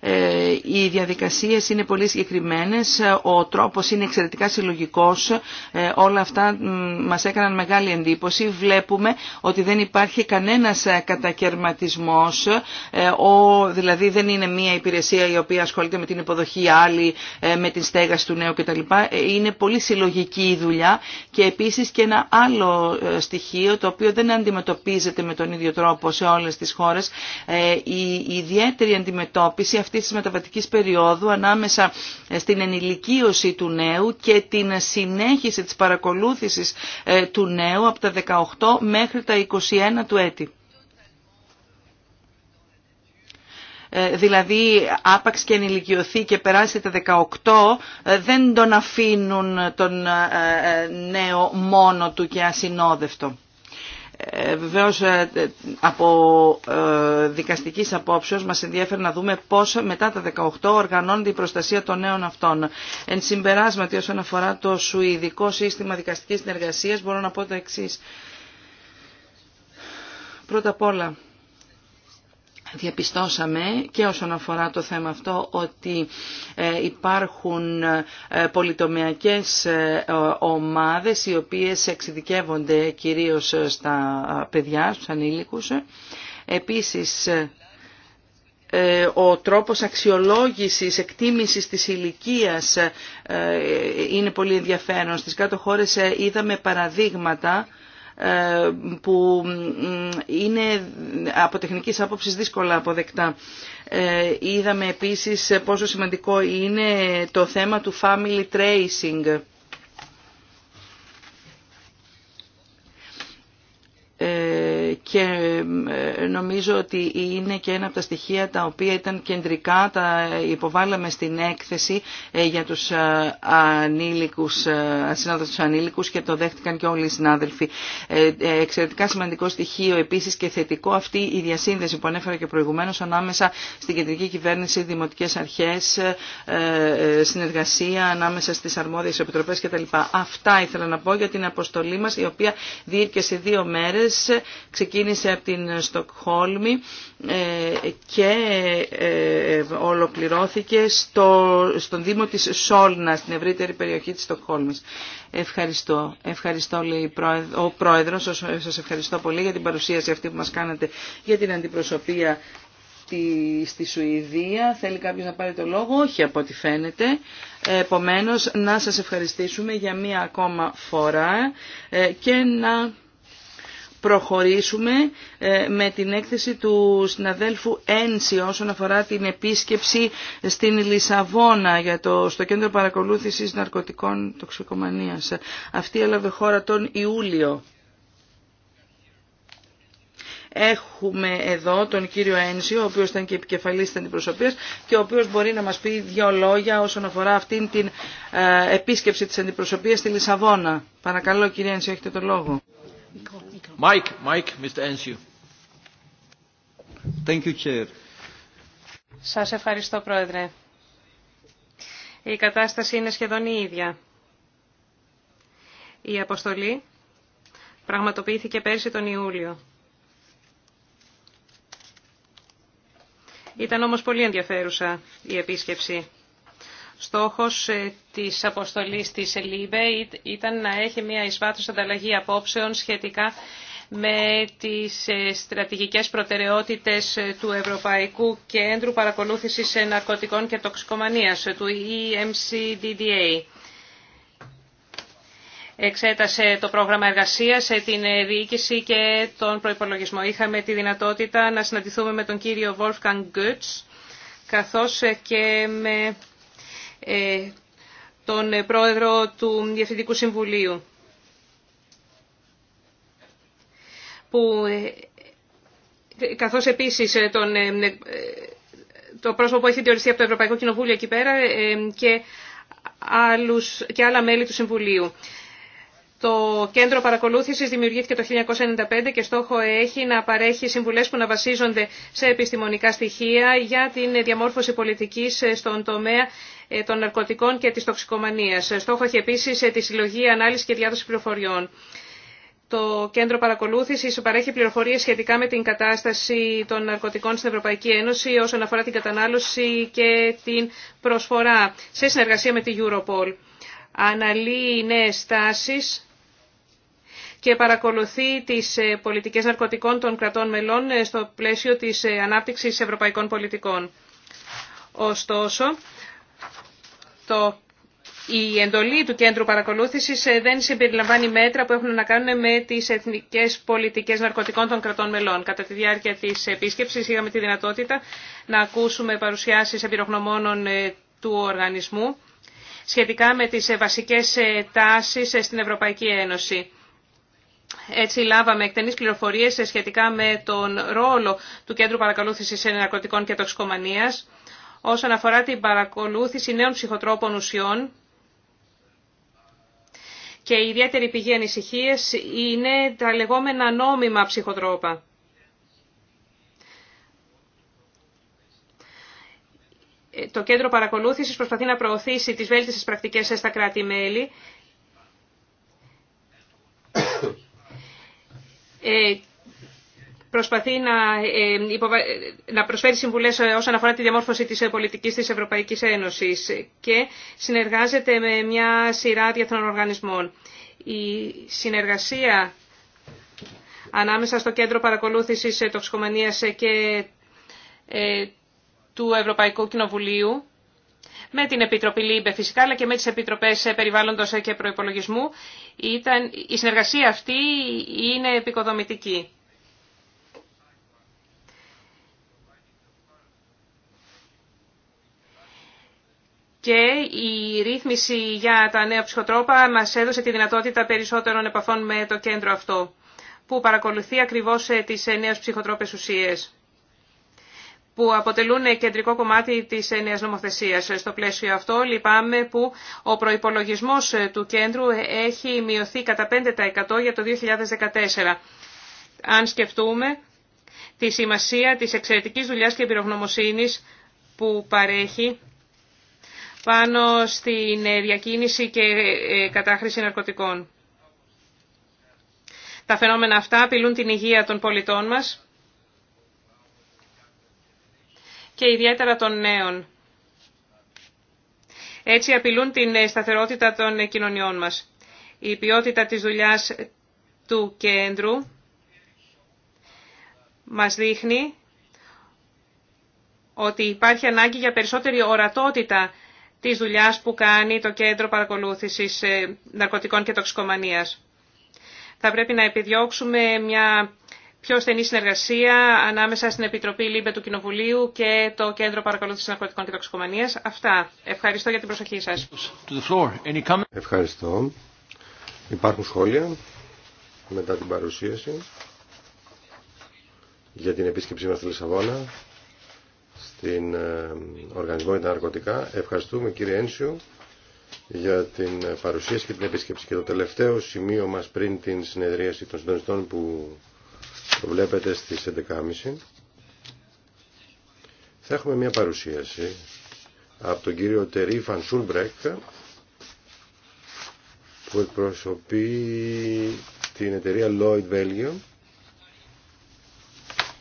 Speaker 3: Ε, οι διαδικασίες είναι πολύ συγκεκριμένες, ο τρόπος είναι εξαιρετικά συλλογικός, ε, όλα αυτά μας έκαναν μεγάλη εντύπωση. Βλέπουμε ότι δεν υπάρχει κανένα ε, κατακαιρματισμός, δηλαδή δεν είναι μία υπηρεσία η οποία ασχολείται με την υποδοχή άλλη, με την στέγαση του νέου κτλ. Είναι πολύ συλλογική η δουλειά και επίσης και ένα άλλο στοιχείο το οποίο δεν αντιμετωπίζεται με τον ίδιο τρόπο σε όλες τις χώρες, η ιδιαίτερη αντιμετώπιση αυτής της μεταβατικής περίοδου ανάμεσα ε, στην ενηλικίωση του νέου και την συνέχιση της παρακολούθησης ε, του νέου από τα 18 μέχρι τα 21 του έτη. Ε, δηλαδή άπαξ και ενηλικιωθεί και περάσει τα 18, δεν τον αφήνουν τον νέο μόνο του και ασυνόδευτο. Ε, βεβαίως ε, από ε, δικαστικής απόψεως μας ενδιαφέρει να δούμε πώς μετά τα 18 οργανώνεται η προστασία των νέων αυτών. Εν συμπεράσματι όσον αφορά το σουηδικό σύστημα δικαστικής συνεργασίας μπορώ να πω το εξής. Πρώτα απ' όλα διαπιστώσαμε και όσον αφορά το θέμα αυτό ότι ε, υπάρχουν ε, πολυτομιακές ε, ομάδες οι οποίες εξειδικεύονται κυρίως στα παιδιά, στους ανήλικους. Επίσης ο τρόπος αξιολόγησης, εκτίμησης της ηλικίας είναι πολύ ενδιαφέρον. Στις κάτω χώρες είδαμε παραδείγματα ε, που είναι από τεχνικής άποψης δύσκολα αποδεκτά. Ε, είδαμε επίσης πόσο σημαντικό είναι το θέμα του family tracing και ε, νομίζω ότι είναι και ένα από τα στοιχεία τα οποία ήταν κεντρικά, τα υποβάλαμε στην έκθεση ε, για τους ε, ανήλικους, τους ανήλικους και το δέχτηκαν και όλοι οι συνάδελφοι. Εξαιρετικά σημαντικό στοιχείο επίσης και θετικό αυτή η διασύνδεση που ανέφερα και προηγουμένως ανάμεσα στην κεντρική κυβέρνηση, δημοτικές αρχές, συνεργασία ανάμεσα στις αρμόδιες επιτροπές κτλ. Αυτά ήθελα να πω για την αποστολή μας η οποία διήρκε σε δύο μέρες. Ξεκίνησε ξεκίνησε από την Στοκχόλμη ε, και ε, ολοκληρώθηκε στο, στον Δήμο της Σόλνα, στην ευρύτερη περιοχή της Στοκχόλμης. Ευχαριστώ. Ευχαριστώ, λέει ο Πρόεδρος. Σας ευχαριστώ πολύ για την παρουσίαση αυτή που μας κάνατε για την αντιπροσωπεία στη Σουηδία. Θέλει κάποιος να πάρει το λόγο. Όχι, από ό,τι φαίνεται. Επομένως, να σας ευχαριστήσουμε για μία ακόμα φορά ε, και να προχωρήσουμε ε, με την έκθεση του συναδέλφου Ένση όσον αφορά την επίσκεψη στην Λισαβόνα για το, στο Κέντρο Παρακολούθησης Ναρκωτικών Τοξικομανίας. Αυτή έλαβε χώρα τον Ιούλιο. Έχουμε εδώ τον κύριο Ένση, ο οποίος ήταν και επικεφαλής της αντιπροσωπείας και ο οποίος μπορεί να μας πει δύο λόγια όσον αφορά αυτήν την ε, επίσκεψη της αντιπροσωπείας στη Λισαβόνα. Παρακαλώ κύριε Ένση, έχετε το λόγο.
Speaker 1: Σας ευχαριστώ, Πρόεδρε. Η κατάσταση είναι σχεδόν η ίδια. Η αποστολή πραγματοποιήθηκε πέρσι τον Ιούλιο. Ήταν όμως πολύ ενδιαφέρουσα η επίσκεψη. Στόχος ε, της αποστολής της ΕΛΥΒΕ ήταν να έχει μια εισβάθος ανταλλαγή απόψεων σχετικά με τις ε, στρατηγικές προτεραιότητες ε, του Ευρωπαϊκού Κέντρου Παρακολούθησης Ναρκωτικών και Τοξικομανίας, του EMCDDA. Εξέτασε το πρόγραμμα εργασίας, την διοίκηση και τον προϋπολογισμό. Είχαμε τη δυνατότητα να συναντηθούμε με τον κύριο Wolfgang Goetz, καθώς και με ε, τον ε, πρόεδρο του Διευθυντικού Συμβουλίου που ε, καθώς επίσης τον, το πρόσωπο που έχει διοριστεί από το Ευρωπαϊκό Κοινοβούλιο εκεί πέρα και, άλλους, και άλλα μέλη του Συμβουλίου. Το κέντρο παρακολούθησης δημιουργήθηκε το 1995 και στόχο έχει να παρέχει συμβουλές που να βασίζονται σε επιστημονικά στοιχεία για την διαμόρφωση πολιτικής στον τομέα ε, των ναρκωτικών και της τοξικομανίας. Στόχο έχει επίσης ε, τη συλλογή, ανάλυση και διάδοση πληροφοριών. Το κέντρο παρακολούθηση παρέχει πληροφορίε σχετικά με την κατάσταση των ναρκωτικών στην Ευρωπαϊκή Ένωση όσον αφορά την κατανάλωση και την προσφορά σε συνεργασία με τη Europol. Αναλύει νέε τάσει και παρακολουθεί τις ε, πολιτικές ναρκωτικών των κρατών μελών ε, στο πλαίσιο της ε, ανάπτυξης ευρωπαϊκών πολιτικών. Ωστόσο, το η εντολή του Κέντρου Παρακολούθησης δεν συμπεριλαμβάνει μέτρα που έχουν να κάνουν με τις εθνικές πολιτικές ναρκωτικών των κρατών μελών. Κατά τη διάρκεια της επίσκεψης είχαμε τη δυνατότητα να ακούσουμε παρουσιάσεις εμπειρογνωμόνων του οργανισμού σχετικά με τις βασικές τάσεις στην Ευρωπαϊκή Ένωση. Έτσι λάβαμε εκτενείς πληροφορίες σχετικά με τον ρόλο του Κέντρου Παρακολούθησης Εναρκωτικών και Τοξικομανίας όσον αφορά την παρακολούθηση νέων ψυχοτρόπων ουσιών και ιδιαίτερη πηγή ανησυχίας είναι τα λεγόμενα νόμιμα ψυχοτρόπα. Ε, το Κέντρο Παρακολούθησης προσπαθεί να προωθήσει τις βέλτιστες πρακτικές στα κράτη-μέλη Ε, προσπαθεί να, ε, να προσφέρει συμβουλές όσον αφορά τη διαμόρφωση της πολιτικής της Ευρωπαϊκής Ένωσης και συνεργάζεται με μια σειρά διεθνών οργανισμών. Η συνεργασία ανάμεσα στο Κέντρο Παρακολούθησης Τοξικομανίας και ε, του Ευρωπαϊκού Κοινοβουλίου με την Επιτροπή ΛΥΜΠΕ φυσικά, αλλά και με τις Επιτροπές Περιβάλλοντος και Προϋπολογισμού. Ήταν, η συνεργασία αυτή είναι επικοδομητική. και η ρύθμιση για τα νέα ψυχοτρόπα μας έδωσε τη δυνατότητα περισσότερων επαφών με το κέντρο αυτό, που παρακολουθεί ακριβώς ε, τις ε, νέες ψυχοτρόπες ουσίες που αποτελούν κεντρικό κομμάτι της νέα νομοθεσίας. Στο πλαίσιο αυτό λυπάμαι που ο προϋπολογισμός του κέντρου έχει μειωθεί κατά 5% για το 2014. Αν σκεφτούμε τη σημασία της εξαιρετικής δουλειάς και εμπειρογνωμοσύνης που παρέχει πάνω στην διακίνηση και ε, κατάχρηση ναρκωτικών. Τα φαινόμενα αυτά απειλούν την υγεία των πολιτών μας και ιδιαίτερα των νέων. Έτσι απειλούν την σταθερότητα των κοινωνιών μας. Η ποιότητα της δουλειάς του κέντρου μας δείχνει ότι υπάρχει ανάγκη για περισσότερη ορατότητα της δουλειάς που κάνει το Κέντρο Παρακολούθησης ε, Ναρκωτικών και Τοξικομανίας. Θα πρέπει να επιδιώξουμε μια πιο στενή συνεργασία ανάμεσα στην Επιτροπή ΛΥΜΠΕ του Κοινοβουλίου και το Κέντρο Παρακολούθησης Ναρκωτικών και Τοξικομανίας. Αυτά. Ευχαριστώ για την προσοχή σας.
Speaker 2: Ευχαριστώ. Υπάρχουν σχόλια μετά την παρουσίαση για την επίσκεψή μας στη Λισαβόνα στην ε, Οργανισμό για τα Ναρκωτικά. Ευχαριστούμε κύριε Ένσιου για την παρουσίαση και την επίσκεψη. Και το τελευταίο σημείο μας πριν την συνεδρίαση των συντονιστών που βλέπετε στις 11.30 θα έχουμε μια παρουσίαση από τον κύριο Τερί Σούλμπρεκ που εκπροσωπεί την εταιρεία Lloyd Belgium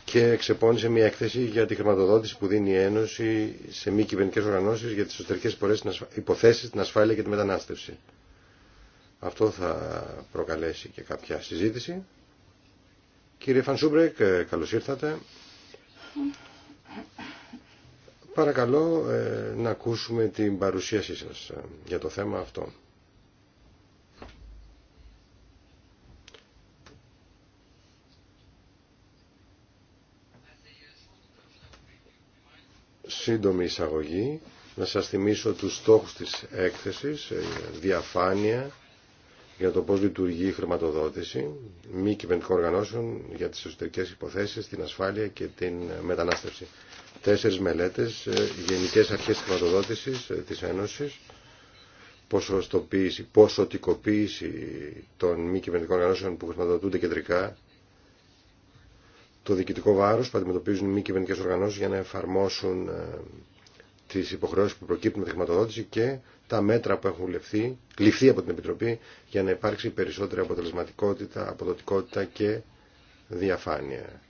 Speaker 2: και ξεπώνησε μια έκθεση για τη χρηματοδότηση που δίνει η Ένωση σε μη κυβερνητικέ οργανώσει για τι εσωτερικέ υποθέσει, την ασφάλεια και τη μετανάστευση. Αυτό θα προκαλέσει και κάποια συζήτηση. Κύριε Φανσούμπρεκ, ε, καλώς ήρθατε. Παρακαλώ ε, να ακούσουμε την παρουσίασή σας ε, για το θέμα αυτό. Σύντομη εισαγωγή. Να σας θυμίσω τους στόχους της έκθεσης, ε, διαφάνεια, για το πώς λειτουργεί η χρηματοδότηση μη κυβερνητικών οργανώσεων για τις εσωτερικές υποθέσεις, την ασφάλεια και την μετανάστευση. Τέσσερις μελέτες, ε, γενικές αρχές χρηματοδότησης ε, της Ένωσης, ποσοστοποίηση, ποσοτικοποίηση των μη κυβερνητικών οργανώσεων που χρηματοδοτούνται κεντρικά, το διοικητικό βάρος που αντιμετωπίζουν μη κυβερνητικές οργανώσεις για να εφαρμόσουν ε, τις υποχρεώσεις που προκύπτουν με τη χρηματοδότηση και τα μέτρα που έχουν ληφθεί, ληφθεί από την Επιτροπή για να υπάρξει περισσότερη αποτελεσματικότητα, αποδοτικότητα και διαφάνεια.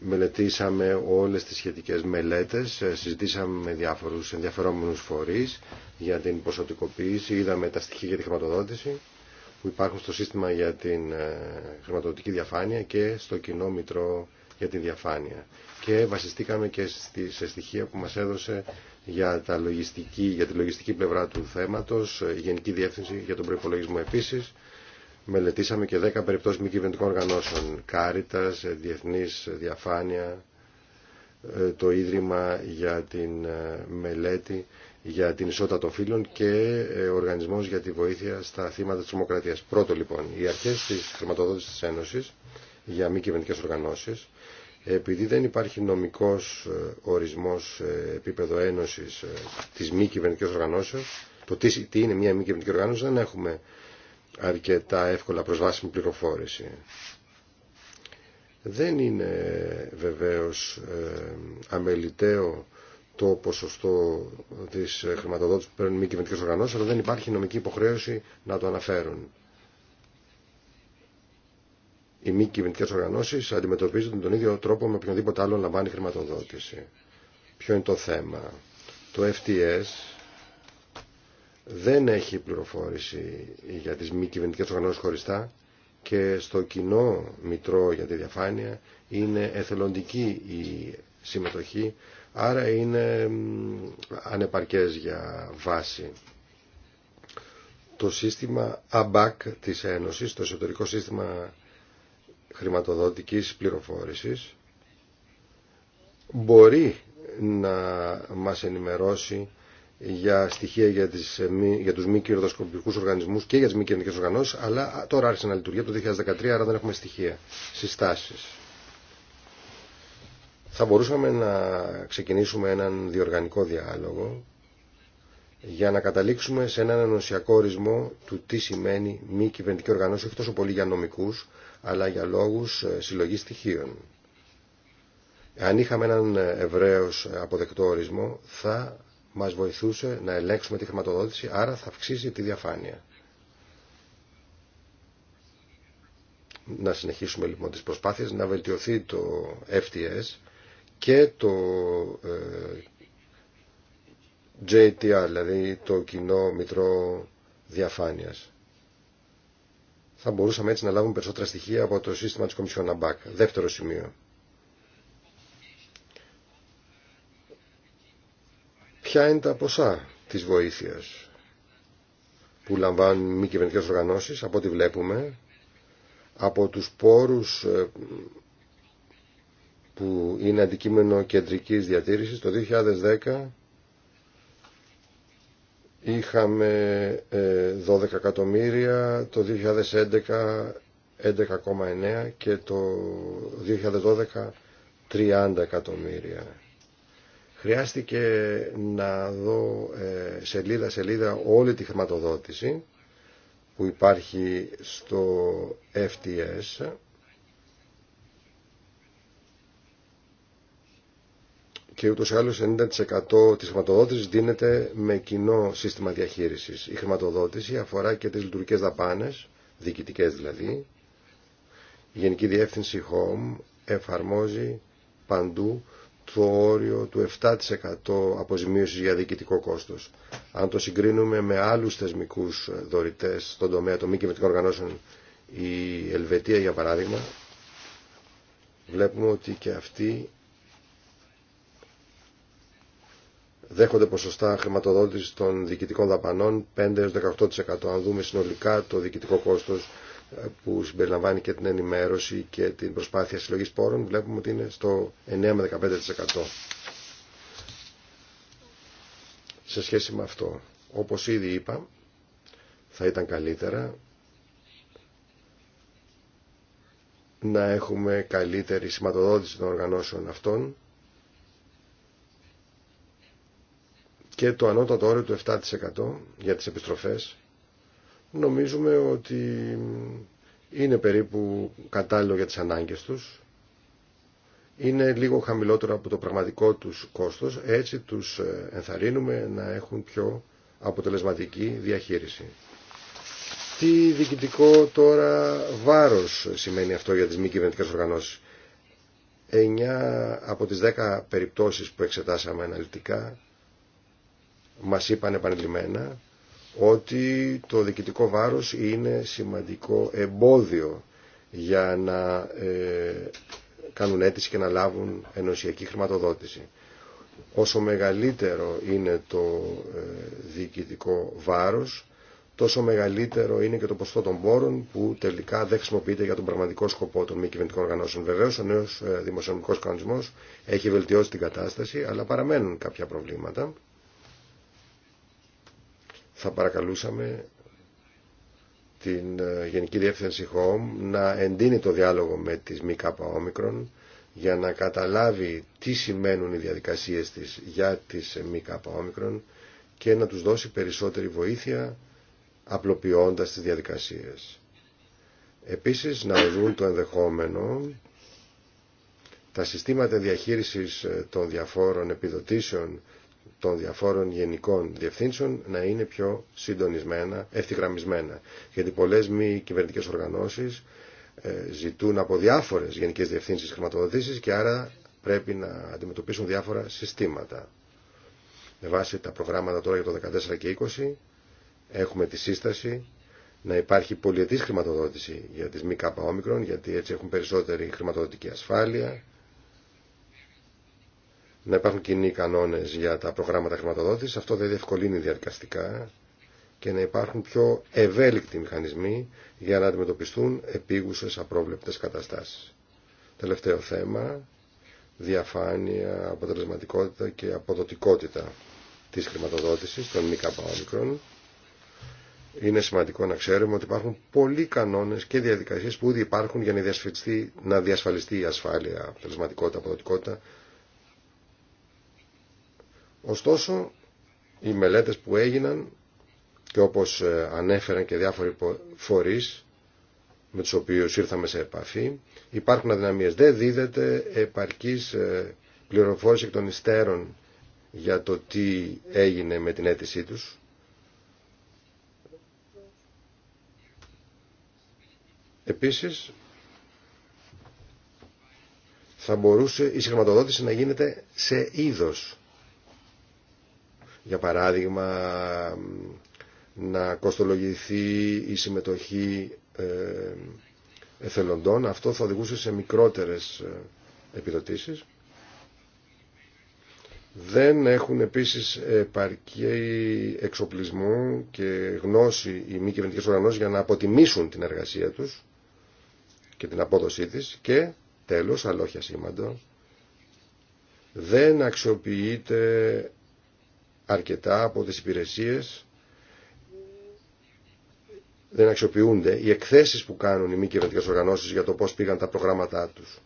Speaker 2: Μελετήσαμε όλες τις σχετικές μελέτες, συζητήσαμε με διάφορους ενδιαφερόμενους φορείς για την ποσοτικοποίηση, είδαμε τα στοιχεία για τη χρηματοδότηση που υπάρχουν στο σύστημα για την ε, χρηματοδοτική διαφάνεια και στο κοινό μητρό για τη διαφάνεια. Και βασιστήκαμε και σε στοιχεία που μας έδωσε για, τα λογιστική, για τη λογιστική πλευρά του θέματος, η Γενική Διεύθυνση για τον Προϋπολογισμό επίσης. Μελετήσαμε και 10 περιπτώσεις μη κυβερνητικών οργανώσεων, Κάριτας, Διεθνής Διαφάνεια, ε, το Ίδρυμα για την ε, Μελέτη, για την ισότητα των φύλων και ε, ο Οργανισμός για τη Βοήθεια στα Θύματα της Δημοκρατίας. Πρώτο λοιπόν, οι αρχές της χρηματοδότησης της Ένωσης για μη κυβερνητικές οργανώσεις. Επειδή δεν υπάρχει νομικός ε, ορισμός ε, επίπεδο ένωσης ε, της μη κυβερνητικής οργανώσεως, το τι είναι μια μη κυβερνητική οργάνωση δεν έχουμε αρκετά εύκολα προσβάσιμη πληροφόρηση. Δεν είναι βεβαίως αμεληταίο το ποσοστό της χρηματοδότησης που παίρνουν μη κυβερνητικές οργανώσεις, αλλά δεν υπάρχει νομική υποχρέωση να το αναφέρουν οι μη κυβερνητικέ οργανώσει αντιμετωπίζονται τον ίδιο τρόπο με οποιονδήποτε άλλο λαμβάνει χρηματοδότηση. Ποιο είναι το θέμα. Το FTS δεν έχει πληροφόρηση για τις μη κυβερνητικέ οργανώσει χωριστά και στο κοινό μητρό για τη διαφάνεια είναι εθελοντική η συμμετοχή, άρα είναι ανεπαρκές για βάση. Το σύστημα ABAC της Ένωσης, το εσωτερικό σύστημα χρηματοδοτικής πληροφόρησης μπορεί να μας ενημερώσει για στοιχεία για, τις, για τους μη οργανισμούς και για τις μη κερδικές οργανώσεις, αλλά τώρα άρχισε να λειτουργεί το 2013, άρα δεν έχουμε στοιχεία, συστάσεις. Θα μπορούσαμε να ξεκινήσουμε έναν διοργανικό διάλογο για να καταλήξουμε σε έναν ενωσιακό ορισμό του τι σημαίνει μη κυβερνητική οργανώση, όχι τόσο πολύ για νομικούς, αλλά για λόγους ε, συλλογής στοιχείων. Αν είχαμε έναν ε, ευρέως ε, αποδεκτό ορισμό, θα μας βοηθούσε να ελέγξουμε τη χρηματοδότηση, άρα θα αυξήσει τη διαφάνεια. Να συνεχίσουμε λοιπόν τις προσπάθειες, να βελτιωθεί το FTS και το JTR, δηλαδή το κοινό μητρό διαφάνειας θα μπορούσαμε έτσι να λάβουμε περισσότερα στοιχεία από το σύστημα της Κομισιόν ΑΜΠΑΚ. Δεύτερο σημείο. Ποια είναι τα ποσά της βοήθειας που λαμβάνουν μη κυβερνητικέ οργανώσεις, από ό,τι βλέπουμε, από τους πόρους ε, που είναι αντικείμενο κεντρικής διατήρησης, το 2010 είχαμε 12 ε, εκατομμύρια, το 2011 11,9 και το 2012 30 εκατομμύρια. Χρειάστηκε να δω ε, σελίδα σελίδα όλη τη χρηματοδότηση που υπάρχει στο FTS και ούτως ή άλλως 90% της χρηματοδότησης δίνεται με κοινό σύστημα διαχείρισης. Η χρηματοδότηση αφορά και τις λειτουργικές δαπάνες, διοικητικές δηλαδή. Η Γενική Διεύθυνση Home εφαρμόζει παντού το όριο του 7% αποζημίωσης για διοικητικό κόστος. Αν το συγκρίνουμε με άλλους θεσμικούς δωρητές στον τομέα των μη κυβερνητικών οργανώσεων, η Ελβετία για παράδειγμα, βλέπουμε ότι και αυτή δέχονται ποσοστά χρηματοδότηση των διοικητικών δαπανών 5-18%. Αν δούμε συνολικά το διοικητικό κόστος ε, που συμπεριλαμβάνει και την ενημέρωση και την προσπάθεια συλλογής πόρων βλέπουμε ότι είναι στο 9-15% σε σχέση με αυτό. Όπως ήδη είπα, θα ήταν καλύτερα να έχουμε καλύτερη σηματοδότηση των οργανώσεων αυτών και το ανώτατο όριο του 7% για τις επιστροφές νομίζουμε ότι είναι περίπου κατάλληλο για τις ανάγκες τους είναι λίγο χαμηλότερο από το πραγματικό τους κόστος έτσι τους ε, ενθαρρύνουμε να έχουν πιο αποτελεσματική διαχείριση. Τι διοικητικό τώρα βάρος σημαίνει αυτό για τις μη κυβερνητικές οργανώσεις. 9 από τις 10 περιπτώσεις που εξετάσαμε αναλυτικά μας είπαν επανειλημμένα ότι το διοικητικό βάρος είναι σημαντικό εμπόδιο για να ε, κάνουν αίτηση και να λάβουν ενωσιακή χρηματοδότηση. Όσο μεγαλύτερο είναι το ε, διοικητικό βάρος, τόσο μεγαλύτερο είναι και το ποσοστό των πόρων που τελικά δεν χρησιμοποιείται για τον πραγματικό σκοπό των μη κυβερνητικών οργανώσεων. Βεβαίω, ο νέο ε, δημοσιονομικό κανονισμό έχει βελτιώσει την κατάσταση, αλλά παραμένουν κάποια προβλήματα θα παρακαλούσαμε την ε, Γενική Διεύθυνση Home να εντείνει το διάλογο με τις ΜΚΟ για να καταλάβει τι σημαίνουν οι διαδικασίες της για τις ΜΚΟ και να τους δώσει περισσότερη βοήθεια απλοποιώντας τις διαδικασίες. Επίσης να δουν το ενδεχόμενο τα συστήματα διαχείρισης ε, των διαφόρων επιδοτήσεων των διαφόρων γενικών διευθύνσεων να είναι πιο συντονισμένα, ευθυγραμμισμένα. Γιατί πολλές μη κυβερνητικές οργανώσεις ε, ζητούν από διάφορες γενικές διευθύνσεις χρηματοδοτήσεις και άρα πρέπει να αντιμετωπίσουν διάφορα συστήματα. Με βάση τα προγράμματα τώρα για το 2014 και 2020 έχουμε τη σύσταση να υπάρχει πολιετής χρηματοδότηση για τις ΜΚΟ, γιατί έτσι έχουν περισσότερη χρηματοδοτική ασφάλεια να υπάρχουν κοινοί κανόνες για τα προγράμματα χρηματοδότησης. Αυτό δεν διευκολύνει διαδικαστικά και να υπάρχουν πιο ευέλικτοι μηχανισμοί για να αντιμετωπιστούν επίγουσες απρόβλεπτες καταστάσεις. Τελευταίο θέμα, διαφάνεια, αποτελεσματικότητα και αποδοτικότητα της χρηματοδότησης των ΜΚΟ. Είναι σημαντικό να ξέρουμε ότι υπάρχουν πολλοί κανόνες και διαδικασίες που ήδη υπάρχουν για να διασφαλιστεί, να διασφαλιστεί η ασφάλεια, αποτελεσματικότητα, αποδοτικότητα Ωστόσο, οι μελέτες που έγιναν και όπως ε, ανέφεραν και διάφοροι φορείς με τους οποίους ήρθαμε σε επαφή, υπάρχουν αδυναμίες. Δεν δίδεται επαρκής ε, πληροφόρηση εκ των υστέρων για το τι έγινε με την αίτησή τους. Επίσης, θα μπορούσε η συγχρηματοδότηση να γίνεται σε είδος για παράδειγμα, να κοστολογηθεί η συμμετοχή ε, εθελοντών. Αυτό θα οδηγούσε σε μικρότερες ε, επιδοτήσεις. Δεν έχουν επίσης επαρκή εξοπλισμού και γνώση οι μη κυβερνητικέ οργανώσεις για να αποτιμήσουν την εργασία τους και την απόδοσή της και τέλος, αλλά όχι δεν αξιοποιείται αρκετά από τις υπηρεσίες δεν αξιοποιούνται οι εκθέσεις που κάνουν οι μη κυβερνητικέ οργανώσεις για το πώς πήγαν τα προγράμματά τους.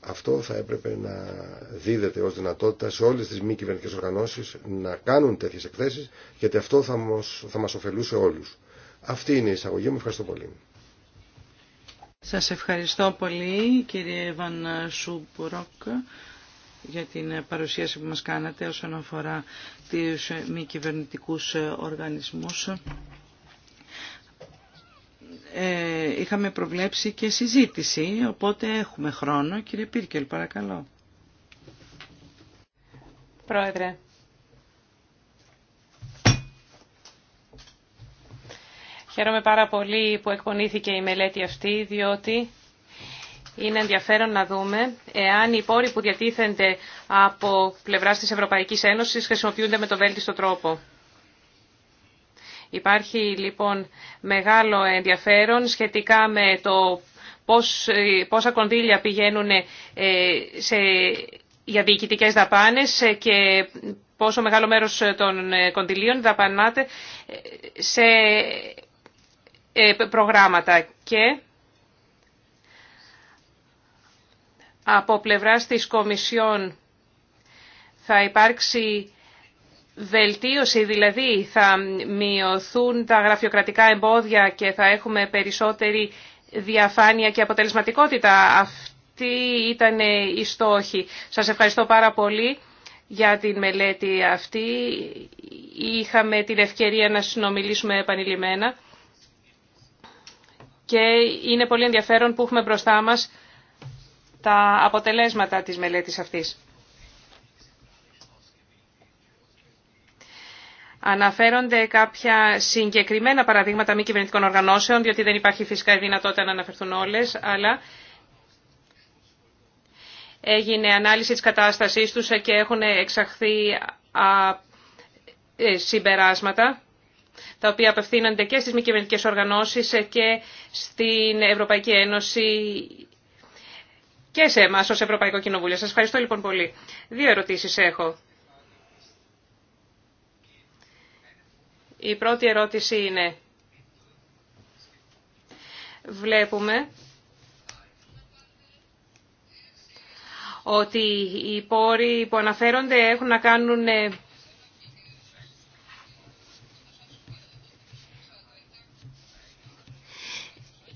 Speaker 2: Αυτό θα έπρεπε να δίδεται ως δυνατότητα σε όλες τις μη κυβερνητικέ οργανώσεις να κάνουν τέτοιες εκθέσεις γιατί αυτό θα μας, θα μας ωφελούσε όλους. Αυτή είναι η εισαγωγή μου. Ευχαριστώ πολύ.
Speaker 3: Σας ευχαριστώ πολύ κύριε Βαν για την ε, παρουσίαση που μας κάνατε όσον αφορά τις ε, μη κυβερνητικούς ε, οργανισμούς. είχαμε προβλέψει και συζήτηση, οπότε έχουμε χρόνο. Κύριε Πίρκελ, παρακαλώ.
Speaker 1: Πρόεδρε. Χαίρομαι πάρα πολύ που εκπονήθηκε η μελέτη αυτή, διότι είναι ενδιαφέρον να δούμε εάν οι πόροι που διατίθενται από πλευρά της Ευρωπαϊκής Ένωσης χρησιμοποιούνται με το βέλτιστο τρόπο. Υπάρχει λοιπόν μεγάλο ενδιαφέρον σχετικά με το πώς, πόσα κονδύλια πηγαίνουν ε, σε, για διοικητικές δαπάνες και πόσο μεγάλο μέρος των ε, κονδυλίων δαπανάται ε, σε προγράμματα. Και από πλευράς της Κομισιόν θα υπάρξει βελτίωση, δηλαδή θα μειωθούν τα γραφειοκρατικά εμπόδια και θα έχουμε περισσότερη διαφάνεια και αποτελεσματικότητα. Αυτή ήταν η στόχη. Σας ευχαριστώ πάρα πολύ για την μελέτη αυτή. Είχαμε την ευκαιρία να συνομιλήσουμε επανειλημμένα και είναι πολύ ενδιαφέρον που έχουμε μπροστά μας τα αποτελέσματα της μελέτης αυτής. Αναφέρονται κάποια συγκεκριμένα παραδείγματα μη κυβερνητικών οργανώσεων, διότι δεν υπάρχει φυσικά η δυνατότητα να αναφερθούν όλες, αλλά έγινε ανάλυση της κατάστασής τους και έχουν εξαχθεί ε, συμπεράσματα, τα οποία απευθύνονται και στις μη κυβερνητικές οργανώσεις και στην Ευρωπαϊκή Ένωση και σε εμά ω Ευρωπαϊκό Κοινοβούλιο. Σα ευχαριστώ λοιπόν πολύ. Δύο ερωτήσει έχω. Η πρώτη ερώτηση είναι. Βλέπουμε ότι οι πόροι που αναφέρονται έχουν να κάνουν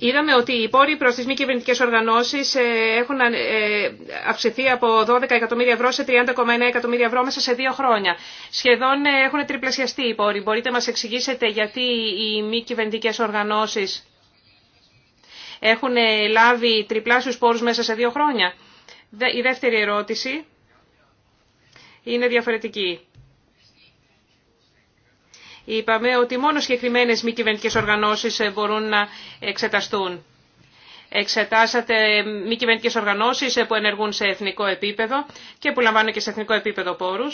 Speaker 1: Είδαμε ότι οι πόροι προ τι μη κυβερνητικέ οργανώσεις ε, έχουν ε, αυξηθεί από 12 εκατομμύρια ευρώ σε 30,1 εκατομμύρια ευρώ μέσα σε δύο χρόνια. Σχεδόν ε, έχουν τριπλασιαστεί οι πόροι. Μπορείτε να μας εξηγήσετε γιατί οι μη κυβερνητικέ οργανώσεις έχουν λάβει τριπλάσιου πόρου μέσα σε δύο χρόνια. Η δεύτερη ερώτηση είναι διαφορετική. Είπαμε ότι μόνο συγκεκριμένε μη κυβερνητικέ οργανώσει ε, μπορούν να εξεταστούν. Εξετάσατε μη κυβερνητικέ οργανώσει ε, που ενεργούν σε εθνικό επίπεδο και που λαμβάνουν και σε εθνικό επίπεδο πόρου.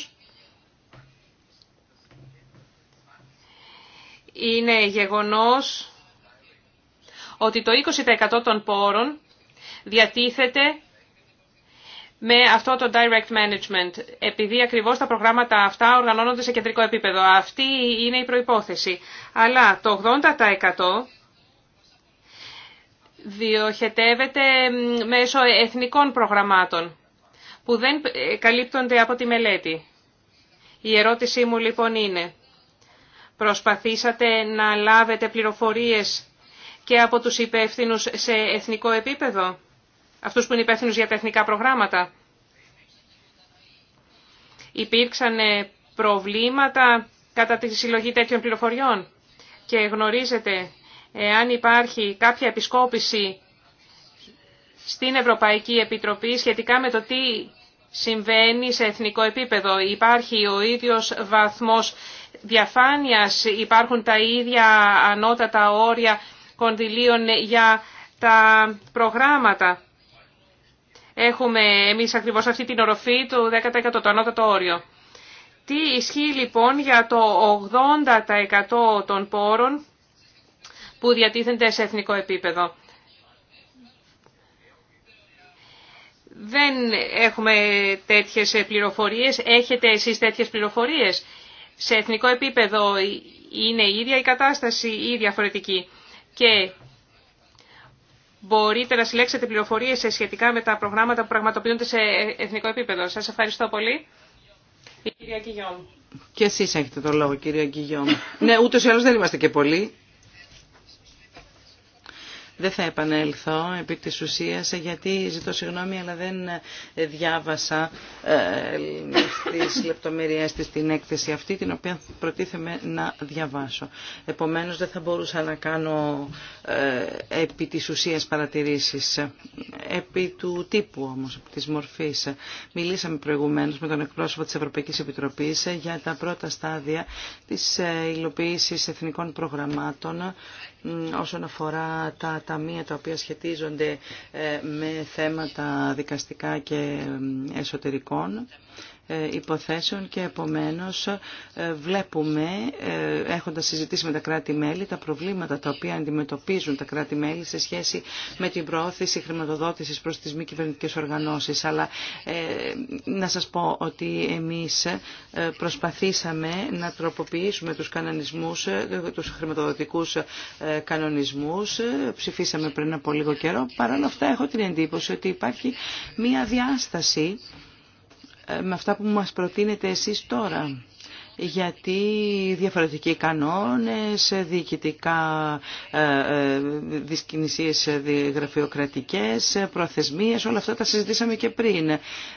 Speaker 1: Είναι γεγονός ότι το 20% των πόρων διατίθεται με αυτό το direct management, επειδή ακριβώς τα προγράμματα αυτά οργανώνονται σε κεντρικό επίπεδο. Αυτή είναι η προϋπόθεση. Αλλά το 80% διοχετεύεται μέσω εθνικών προγραμμάτων που δεν ε, καλύπτονται από τη μελέτη. Η ερώτησή μου λοιπόν είναι, προσπαθήσατε να λάβετε πληροφορίες και από τους υπεύθυνους σε εθνικό επίπεδο αυτούς που είναι υπεύθυνου για τα εθνικά προγράμματα. Υπήρξαν προβλήματα κατά τη συλλογή τέτοιων πληροφοριών και γνωρίζετε εάν υπάρχει κάποια επισκόπηση στην Ευρωπαϊκή Επιτροπή σχετικά με το τι συμβαίνει σε εθνικό επίπεδο. Υπάρχει ο ίδιος βαθμός διαφάνειας, υπάρχουν τα ίδια ανώτατα όρια κονδυλίων για τα προγράμματα έχουμε εμείς ακριβώς αυτή την οροφή του 10% το ανώτατο όριο. Τι ισχύει λοιπόν για το 80% των πόρων που διατίθενται σε εθνικό επίπεδο. Δεν έχουμε τέτοιες πληροφορίες. Έχετε εσείς τέτοιες πληροφορίες. Σε εθνικό επίπεδο είναι η ίδια η κατάσταση ή διαφορετική. Και μπορείτε να συλλέξετε πληροφορίες σχετικά με τα προγράμματα που πραγματοποιούνται σε εθνικό επίπεδο. Σα ευχαριστώ πολύ. κυρία Κιγιόμ.
Speaker 3: Και εσείς έχετε τον λόγο κυρία Κιγιόμ. ναι, ούτως ή άλλως δεν είμαστε και πολλοί. Δεν θα επανέλθω επί της ουσίας γιατί ζητώ συγγνώμη αλλά δεν διάβασα ε, τι λεπτομέρειές της την έκθεση αυτή την οποία προτίθεμαι να διαβάσω. Επομένως δεν θα μπορούσα να κάνω ε, επί της ουσίας παρατηρήσεις. Επί του τύπου όμως, της μορφής. Μιλήσαμε προηγουμένως με τον εκπρόσωπο της Ευρωπαϊκής Επιτροπής για τα πρώτα στάδια της ε, υλοποίησης εθνικών προγραμμάτων όσον αφορά τα ταμεία τα οποία σχετίζονται ε, με θέματα δικαστικά και εσωτερικών ε, υποθέσεων και επομένως ε, βλέπουμε, ε, έχοντας συζητήσει με τα κράτη-μέλη, τα προβλήματα τα οποία αντιμετωπίζουν τα κράτη-μέλη σε σχέση με την προώθηση χρηματοδότησης προς τις μη κυβερνητικές οργανώσεις. Αλλά να σας πω ότι εμείς προσπαθήσαμε να τροποποιήσουμε τους κανονισμούς, τους χρηματοδοτικούς κανονισμούς. Ψηφίσαμε πριν από λίγο καιρό. Παρ' αυτά έχω την εντύπωση ότι υπάρχει μία διάσταση με αυτά που μας προτείνετε εσείς τώρα γιατί διαφορετικοί κανόνες, διοικητικά ε, ε, δυσκινησίες γραφειοκρατικές, προθεσμίες, όλα αυτά τα συζητήσαμε και πριν.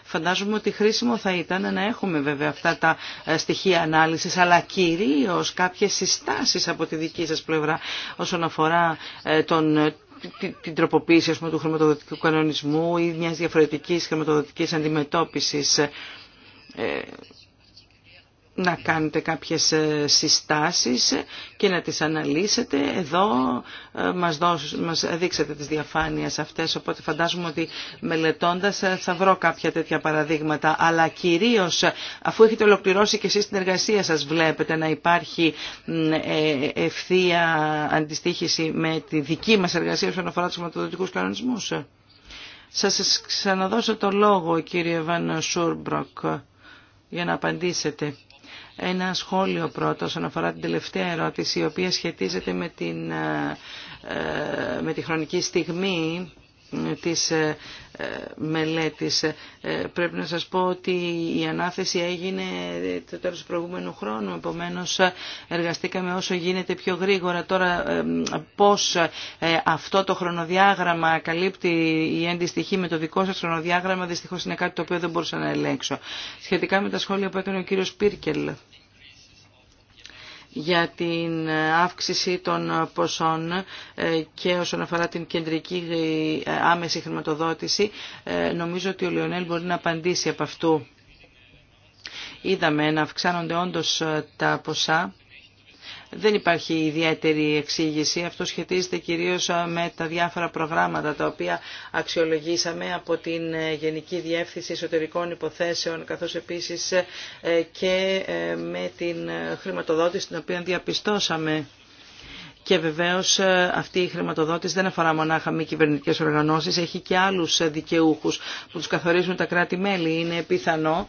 Speaker 3: Φαντάζομαι ότι χρήσιμο θα ήταν να έχουμε βέβαια αυτά τα ε, στοιχεία ανάλυσης, αλλά κυρίως κάποιες συστάσεις από τη δική σας πλευρά όσον αφορά τον την τροποποίηση πούμε, του χρηματοδοτικού κανονισμού ή μιας διαφορετικής χρηματοδοτικής αντιμετώπισης ε, να κάνετε κάποιες ε, συστάσεις και να τις αναλύσετε. Εδώ ε, μας, δώσ, μας δείξετε τις διαφάνειες αυτές, οπότε φαντάζομαι ότι μελετώντας ε, θα βρω κάποια τέτοια παραδείγματα. Αλλά κυρίως αφού έχετε ολοκληρώσει και εσείς την εργασία σας βλέπετε να υπάρχει ευθεία αντιστοίχηση με τη δική μας εργασία όσον αφορά τους κανονισμούς. Σας ξαναδώσω το λόγο κύριε Βαν Σούρμπροκ για να απαντήσετε ένα σχόλιο πρώτο όσον αφορά την τελευταία ερώτηση η οποία σχετίζεται με, την, ε, ε, με τη χρονική στιγμή της ε, ε, μελέτης. Ε, πρέπει να σας πω ότι η ανάθεση έγινε το τέλος του προηγούμενου χρόνου, επομένως ε, εργαστήκαμε όσο γίνεται πιο γρήγορα. Τώρα πώς αυτό το χρονοδιάγραμμα καλύπτει η έντιστοιχή με το δικό σας χρονοδιάγραμμα, δυστυχώς είναι κάτι το οποίο δεν μπορούσα να ελέγξω. Σχετικά με τα σχόλια που έκανε ο κύριος Πίρκελ για την αύξηση των ποσών ε, και όσον αφορά την κεντρική ε, άμεση χρηματοδότηση, ε, νομίζω ότι ο Λιονέλ μπορεί να απαντήσει από αυτού. Είδαμε να αυξάνονται όντως τα ποσά δεν υπάρχει ιδιαίτερη εξήγηση. Αυτό σχετίζεται κυρίως με τα διάφορα προγράμματα τα οποία αξιολογήσαμε από την Γενική Διεύθυνση Εσωτερικών Υποθέσεων καθώς επίσης ε, και ε, με την χρηματοδότηση την οποία διαπιστώσαμε. Και βεβαίω ε, αυτή η χρηματοδότηση δεν αφορά μονάχα μη κυβερνητικέ οργανώσει, έχει και άλλου δικαιούχου που του καθορίζουν τα κράτη-μέλη. Είναι πιθανό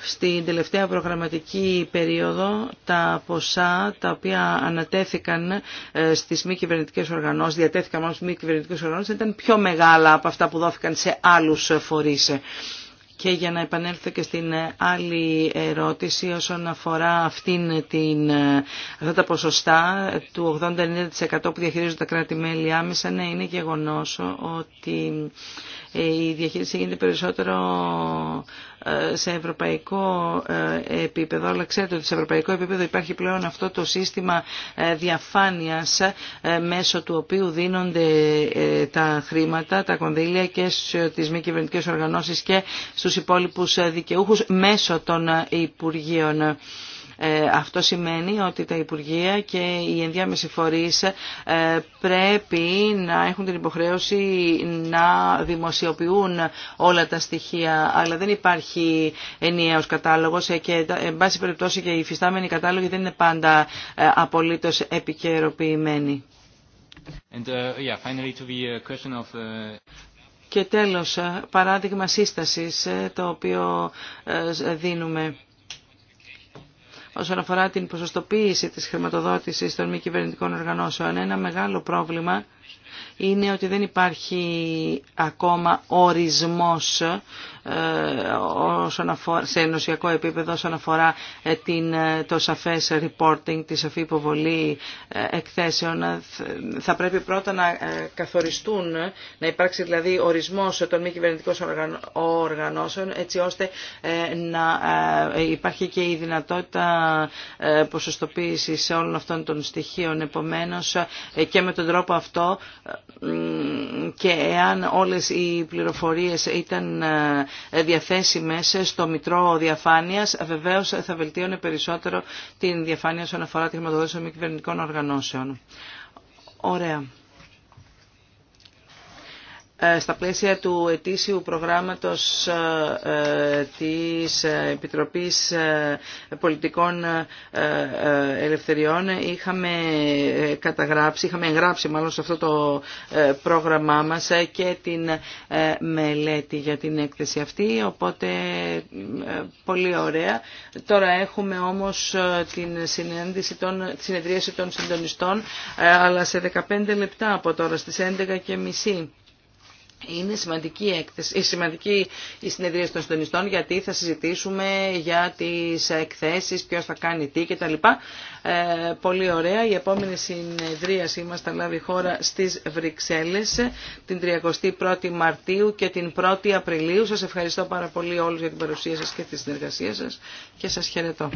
Speaker 3: στην τελευταία προγραμματική περίοδο τα ποσά τα οποία ανατέθηκαν ε, στις μη κυβερνητικέ οργανώσεις, διατέθηκαν μάλλον μη κυβερνητικέ οργανώσεις, ήταν πιο μεγάλα από αυτά που δόθηκαν σε άλλους φορείς. Και για να επανέλθω και στην άλλη ερώτηση όσον αφορά αυτήν την, ε, αυτά τα ποσοστά του 80-90% που διαχειρίζονται τα κράτη-μέλη άμεσα, ναι, είναι γεγονός ότι ε, η διαχείριση γίνεται περισσότερο ε, σε ευρωπαϊκό ε, επίπεδο, αλλά ξέρετε ότι σε ευρωπαϊκό επίπεδο υπάρχει πλέον αυτό το σύστημα ε, διαφάνειας μέσω του οποίου δίνονται τα χρήματα, τα κονδύλια και στις μη κυβερνητικές οργανώσεις και στους υπόλοιπους δικαιούχους μέσω των Υπουργείων. Ε, αυτό σημαίνει ότι τα Υπουργεία και οι ενδιάμεση φορείς ε, πρέπει να έχουν την υποχρέωση να δημοσιοποιούν όλα τα στοιχεία, αλλά δεν υπάρχει ενιαίος κατάλογος ε, και εν πάση περιπτώσει και οι φυστάμενοι κατάλογοι δεν είναι πάντα απολύτως επικαιροποιημένοι. And, uh, yeah, uh, uh, Και τέλος, παράδειγμα σύστασης το οποίο δίνουμε όσον αφορά την ποσοστοποίηση της χρηματοδότησης των μη κυβερνητικών οργανώσεων. Ένα μεγάλο πρόβλημα είναι ότι δεν υπάρχει ακόμα ορισμός ε, όσον αφορά, σε ενωσιακό επίπεδο όσον αφορά ε, την, ε, το σαφές reporting, τη σαφή υποβολή εκθέσεων. Θα πρέπει πρώτα να καθοριστούν, να υπάρξει δηλαδή ορισμός των μη κυβερνητικών οργανώσεων έτσι ώστε να υπάρχει και η δυνατότητα ποσοστοποίησης όλων αυτών των στοιχείων. Επομένως και με τον τρόπο αυτό και εάν όλες οι πληροφορίες ήταν ε, διαθέσιμες στο Μητρό Διαφάνειας, βεβαίως θα βελτίωνε περισσότερο την διαφάνεια όσον αφορά τη χρηματοδότηση των μη κυβερνητικών οργανώσεων. Ωραία. Ε, στα πλαίσια του ετήσιου προγράμματος ε, ε, της Επιτροπής Πολιτικών Ελευθεριών είχαμε καταγράψει, είχαμε εγγράψει μάλλον σε αυτό το πρόγραμμά μας και την μελέτη για την έκθεση αυτή, οπότε πολύ ωραία. Τώρα έχουμε όμως την των, τη συνεδρίαση των συντονιστών, αλλά σε 15 λεπτά από τώρα στις 11.30. Είναι σημαντική, έκθεση, σημαντική η συνεδρία των συντονιστών γιατί θα συζητήσουμε για τις εκθέσεις, ποιος θα κάνει τι κτλ. Ε, πολύ ωραία. Η επόμενη συνεδρίασή μας θα λάβει χώρα στις Βρυξέλλες την 31η Μαρτίου και την 1η Απριλίου. Σας ευχαριστώ πάρα πολύ όλους για την παρουσία σας και τη συνεργασία σας και σας χαιρετώ.